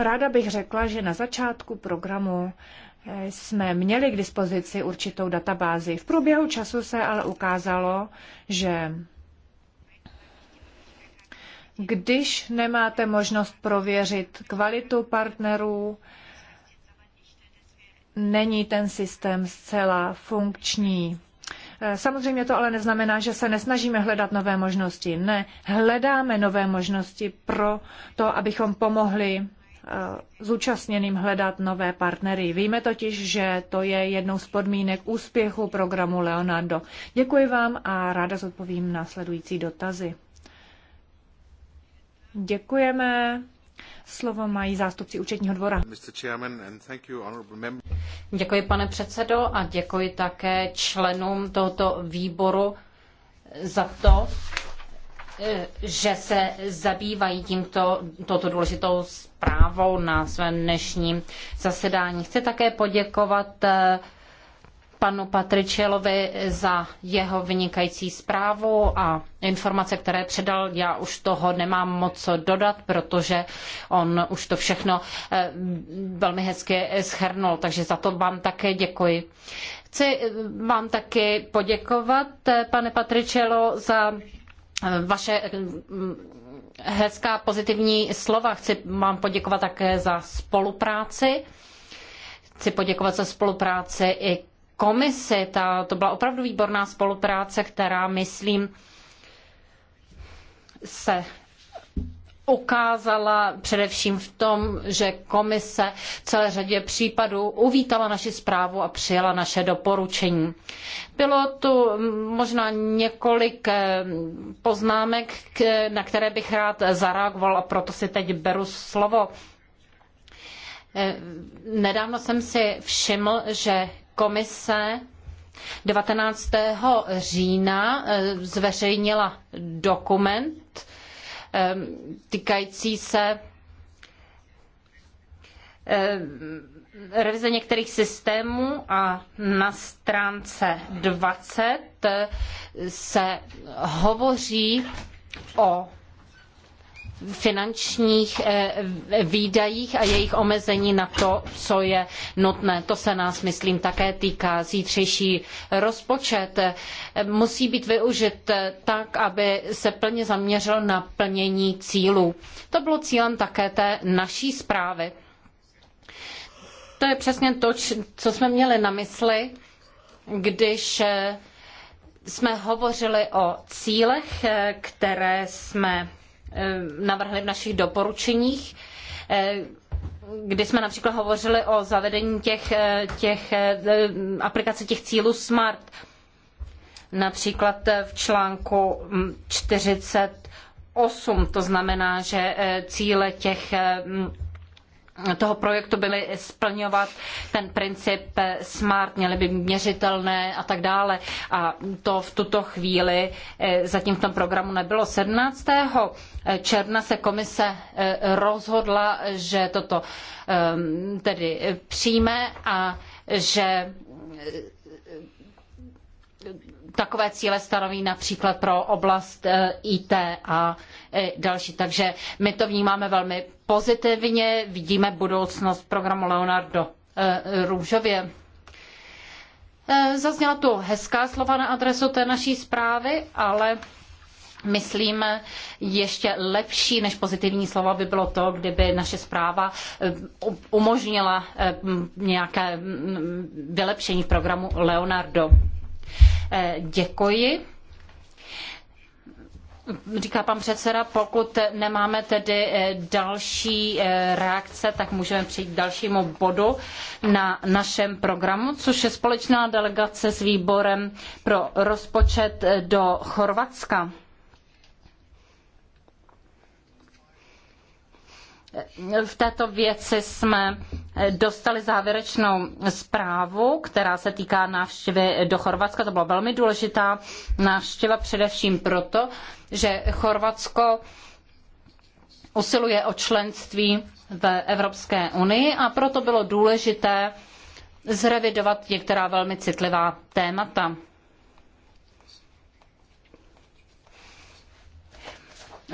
Ráda bych řekla, že na začátku programu jsme měli k dispozici určitou databázi. V průběhu času se ale ukázalo, že když nemáte možnost prověřit kvalitu partnerů, není ten systém zcela funkční. Samozřejmě to ale neznamená, že se nesnažíme hledat nové možnosti. Ne, hledáme nové možnosti pro to, abychom pomohli Eh, zúčastněným hledat nové partnery. Víme totiž, že to je jednou z podmínek úspěchu programu Leonardo. Děkuji vám a ráda zodpovím následující dotazy. Děkujeme. Slovo mají zástupci účetního dvora. Děkuji, pane předsedo, a děkuji také členům tohoto výboru za to, Eh, že se zabývají tímto, touto důležitou zprávou na svém dnešním zasedání. Chci také poděkovat eh, panu Patričelovi za jeho vynikající zprávu a informace, které předal. Já už toho nemám moc co dodat, protože on už to všechno eh, velmi hezky schrnul, takže za to vám také děkuji. Chci vám také poděkovat, pane Patričelo, za vaše eh, mm, hezká pozitivní slova. Chci vám poděkovat také za spolupráci. Chci poděkovat za spolupráci i komisi. Ta, to byla opravdu výborná spolupráce, která, myslím, se ukázala především v tom, že komise v celé řadě případů uvítala naši zprávu a přijala naše doporučení. Bylo tu možná několik eh, poznámek, na které bych rád zareagoval a proto si teď beru slovo. Eh, nedávno jsem si všiml, že komise 19. října eh, zveřejnila dokument, týkající se revize některých systémů a na stránce 20 eh, se hovoří o finančních eh, výdajích a jejich omezení na to, co je nutné. To se nás, myslím, také týká. Zítřejší rozpočet musí být využit tak, aby se plně zaměřil na plnění cílů. To bylo cílem také té naší zprávy. To je přesně to, co jsme měli na mysli, když eh, jsme hovořili o cílech, eh, které jsme Eh, navrhli v našich doporučeních, eh, kdy jsme například hovořili o zavedení těch, eh, těch aplikace těch cílů SMART, například v článku 48, mm, to znamená, že cíle těch mm, toho projektu byly splňovat ten princip eh, smart, měly by měřitelné a tak dále. A to v tuto chvíli eh, zatím v tom programu nebylo. 17. Eh, června se komise rozhodla, že toto ehm, tedy přijme a že takové cíle stanoví například pro oblast eh, IT a eh, další. Takže my to vnímáme velmi pozitivně, vidíme budoucnost programu Leonardo eh, růžově. Zazněla tu hezká slova na adresu té naší zprávy, ale myslím, ještě lepší než pozitivní slova by bylo to, kdyby naše zpráva umožnila nějaké vylepšení programu Leonardo. Eh, děkuji. Říká pan předseda, pokud nemáme tedy eh, další eh, reakce, tak můžeme přijít k dalšímu bodu na našem programu, což je společná delegace s výborem pro rozpočet do Chorvatska. v této věci jsme dostali závěrečnou zprávu, která se týká návštěvy do Chorvatska. To byla velmi důležitá návštěva především proto, že Chorvatsko usiluje o členství v Evropské unii a proto bylo důležité zrevidovat některá velmi citlivá témata.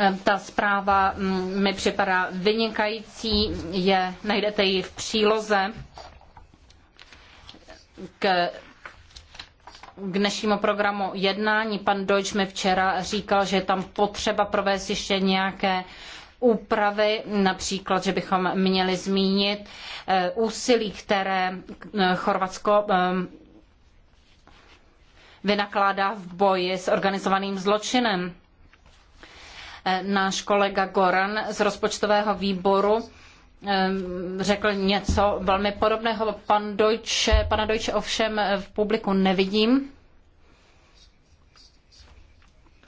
Ehm, ta zpráva mm, mi připadá vynikající, je, najdete ji v příloze k k dnešnímu programu jednání. Pan Deutsch mi včera říkal, že je tam potřeba provést ještě nějaké úpravy, například, že bychom měli zmínit eh, úsilí, které eh, Chorvatsko ehm, vynakládá v boji s organizovaným zločinem. Eh, náš kolega Goran z rozpočtového výboru eh, řekl něco velmi podobného. Pan Deutsche, pana Deutsche ovšem v publiku nevidím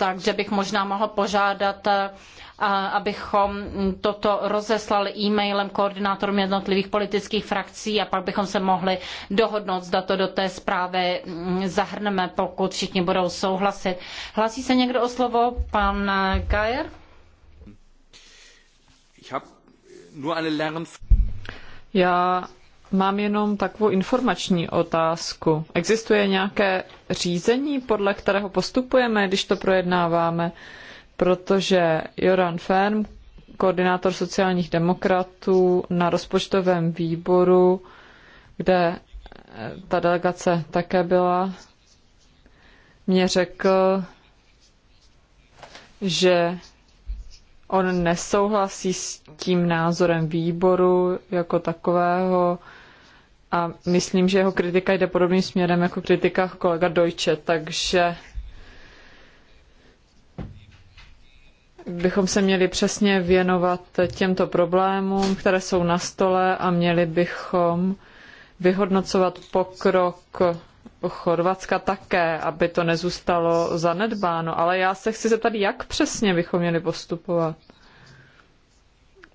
takže bych možná mohl požádat, eh, abychom toto rozeslali e-mailem koordinátorům jednotlivých politických frakcí a pak bychom se mohli dohodnout, zda to do té zprávy mm, zahrneme, pokud všichni budou souhlasit. Hlásí se někdo o slovo? Pan eh, Geier? Já Mám jenom takovou informační otázku. Existuje nějaké řízení, podle kterého postupujeme, když to projednáváme? Protože Joran Fern, koordinátor sociálních demokratů na rozpočtovém výboru, kde eh, ta delegace také byla, mě řekl, že on nesouhlasí s tím názorem výboru jako takového, a myslím, že jeho kritika jde podobným směrem jako kritika kolega Deutsche, takže bychom se měli přesně věnovat těmto problémům, které jsou na stole a měli bychom vyhodnocovat pokrok Chorvatska také, aby to nezůstalo zanedbáno. Ale já se chci zeptat, jak přesně bychom měli postupovat.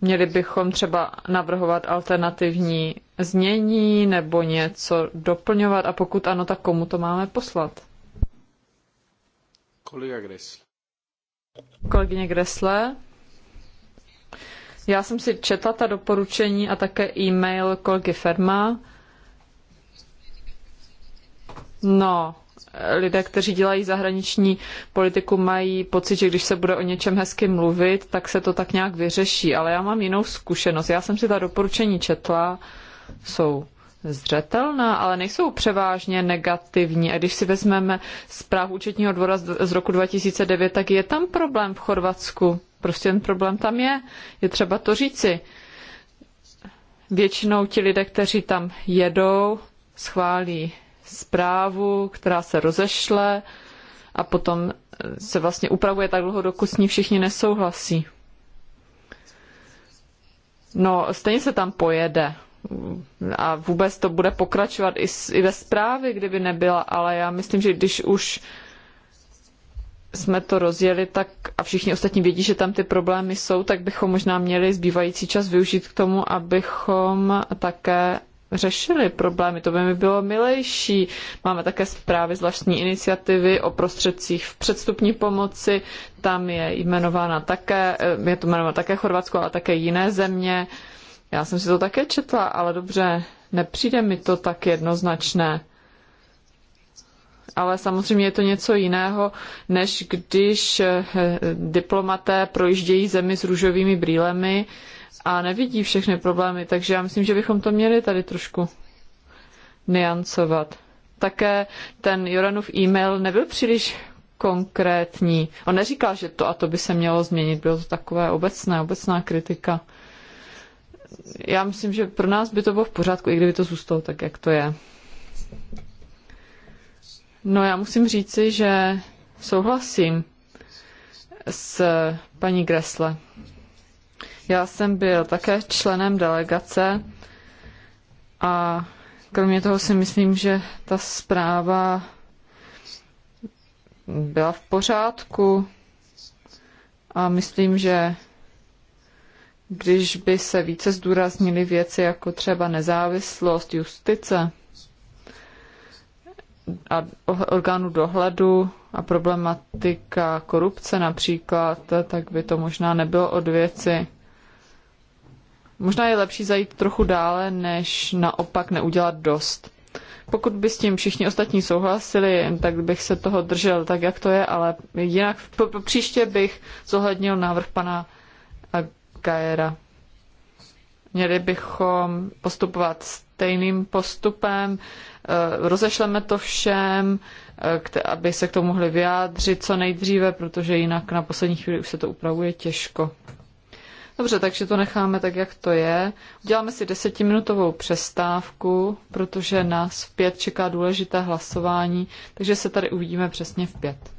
Měli bychom třeba navrhovat alternativní znění nebo něco doplňovat a pokud ano, tak komu to máme poslat? Kolega Gresle. Kolegyně Gresle. Já jsem si četla ta doporučení a také e-mail kolegy Ferma. No, lidé, kteří dělají zahraniční politiku, mají pocit, že když se bude o něčem hezky mluvit, tak se to tak nějak vyřeší. Ale já mám jinou zkušenost. Já jsem si ta doporučení četla, jsou zřetelná, ale nejsou převážně negativní. A když si vezmeme zprávu účetního dvora z roku 2009, tak je tam problém v Chorvatsku. Prostě ten problém tam je. Je třeba to říci. Většinou ti lidé, kteří tam jedou, schválí zprávu, která se rozešle a potom eh, se vlastně upravuje tak dlouho, dokud s ní všichni nesouhlasí. No, stejně se tam pojede. A vůbec to bude pokračovat i, i ve zprávě, kdyby nebyla, ale já myslím, že když už jsme to rozjeli tak a všichni ostatní vědí, že tam ty problémy jsou, tak bychom možná měli zbývající čas využít k tomu, abychom také řešili problémy, to by mi bylo milejší. Máme také zprávy z vlastní iniciativy o prostředcích v předstupní pomoci, tam je jmenována také, eh, je to jmenováno také Chorvatsko, ale také jiné země. Já jsem si to také četla, ale dobře, nepřijde mi to tak jednoznačné. Ale samozřejmě je to něco jiného, než když eh, diplomaté projíždějí zemi s růžovými brýlemi a nevidí všechny problémy, takže já myslím, že bychom to měli tady trošku niancovat. Také ten Joranův e-mail nebyl příliš konkrétní. On neříkal, že to a to by se mělo změnit, bylo to takové obecné, obecná kritika. Já myslím, že pro nás by to bylo v pořádku, i kdyby to zůstalo tak, jak to je. No já musím říci, že souhlasím s paní Gresle. Já jsem byl také členem delegace a kromě toho si myslím, že ta zpráva byla v pořádku a myslím, že když by se více zdůraznily věci jako třeba nezávislost justice a orgánu dohledu a problematika korupce například, tak by to možná nebylo od věci. Možná je lepší zajít trochu dále, než naopak neudělat dost. Pokud by s tím všichni ostatní souhlasili, tak bych se toho držel tak, jak to je, ale jinak příště bych zohlednil návrh pana eh, Gajera. Měli bychom postupovat stejným postupem, eh, rozešleme to všem, eh, aby se k tomu mohli vyjádřit co nejdříve, protože jinak na poslední chvíli už se to upravuje těžko. Dobře, takže to necháme tak, jak to je. Uděláme si desetiminutovou přestávku, protože nás v pět čeká důležité hlasování, takže se tady uvidíme přesně v pět.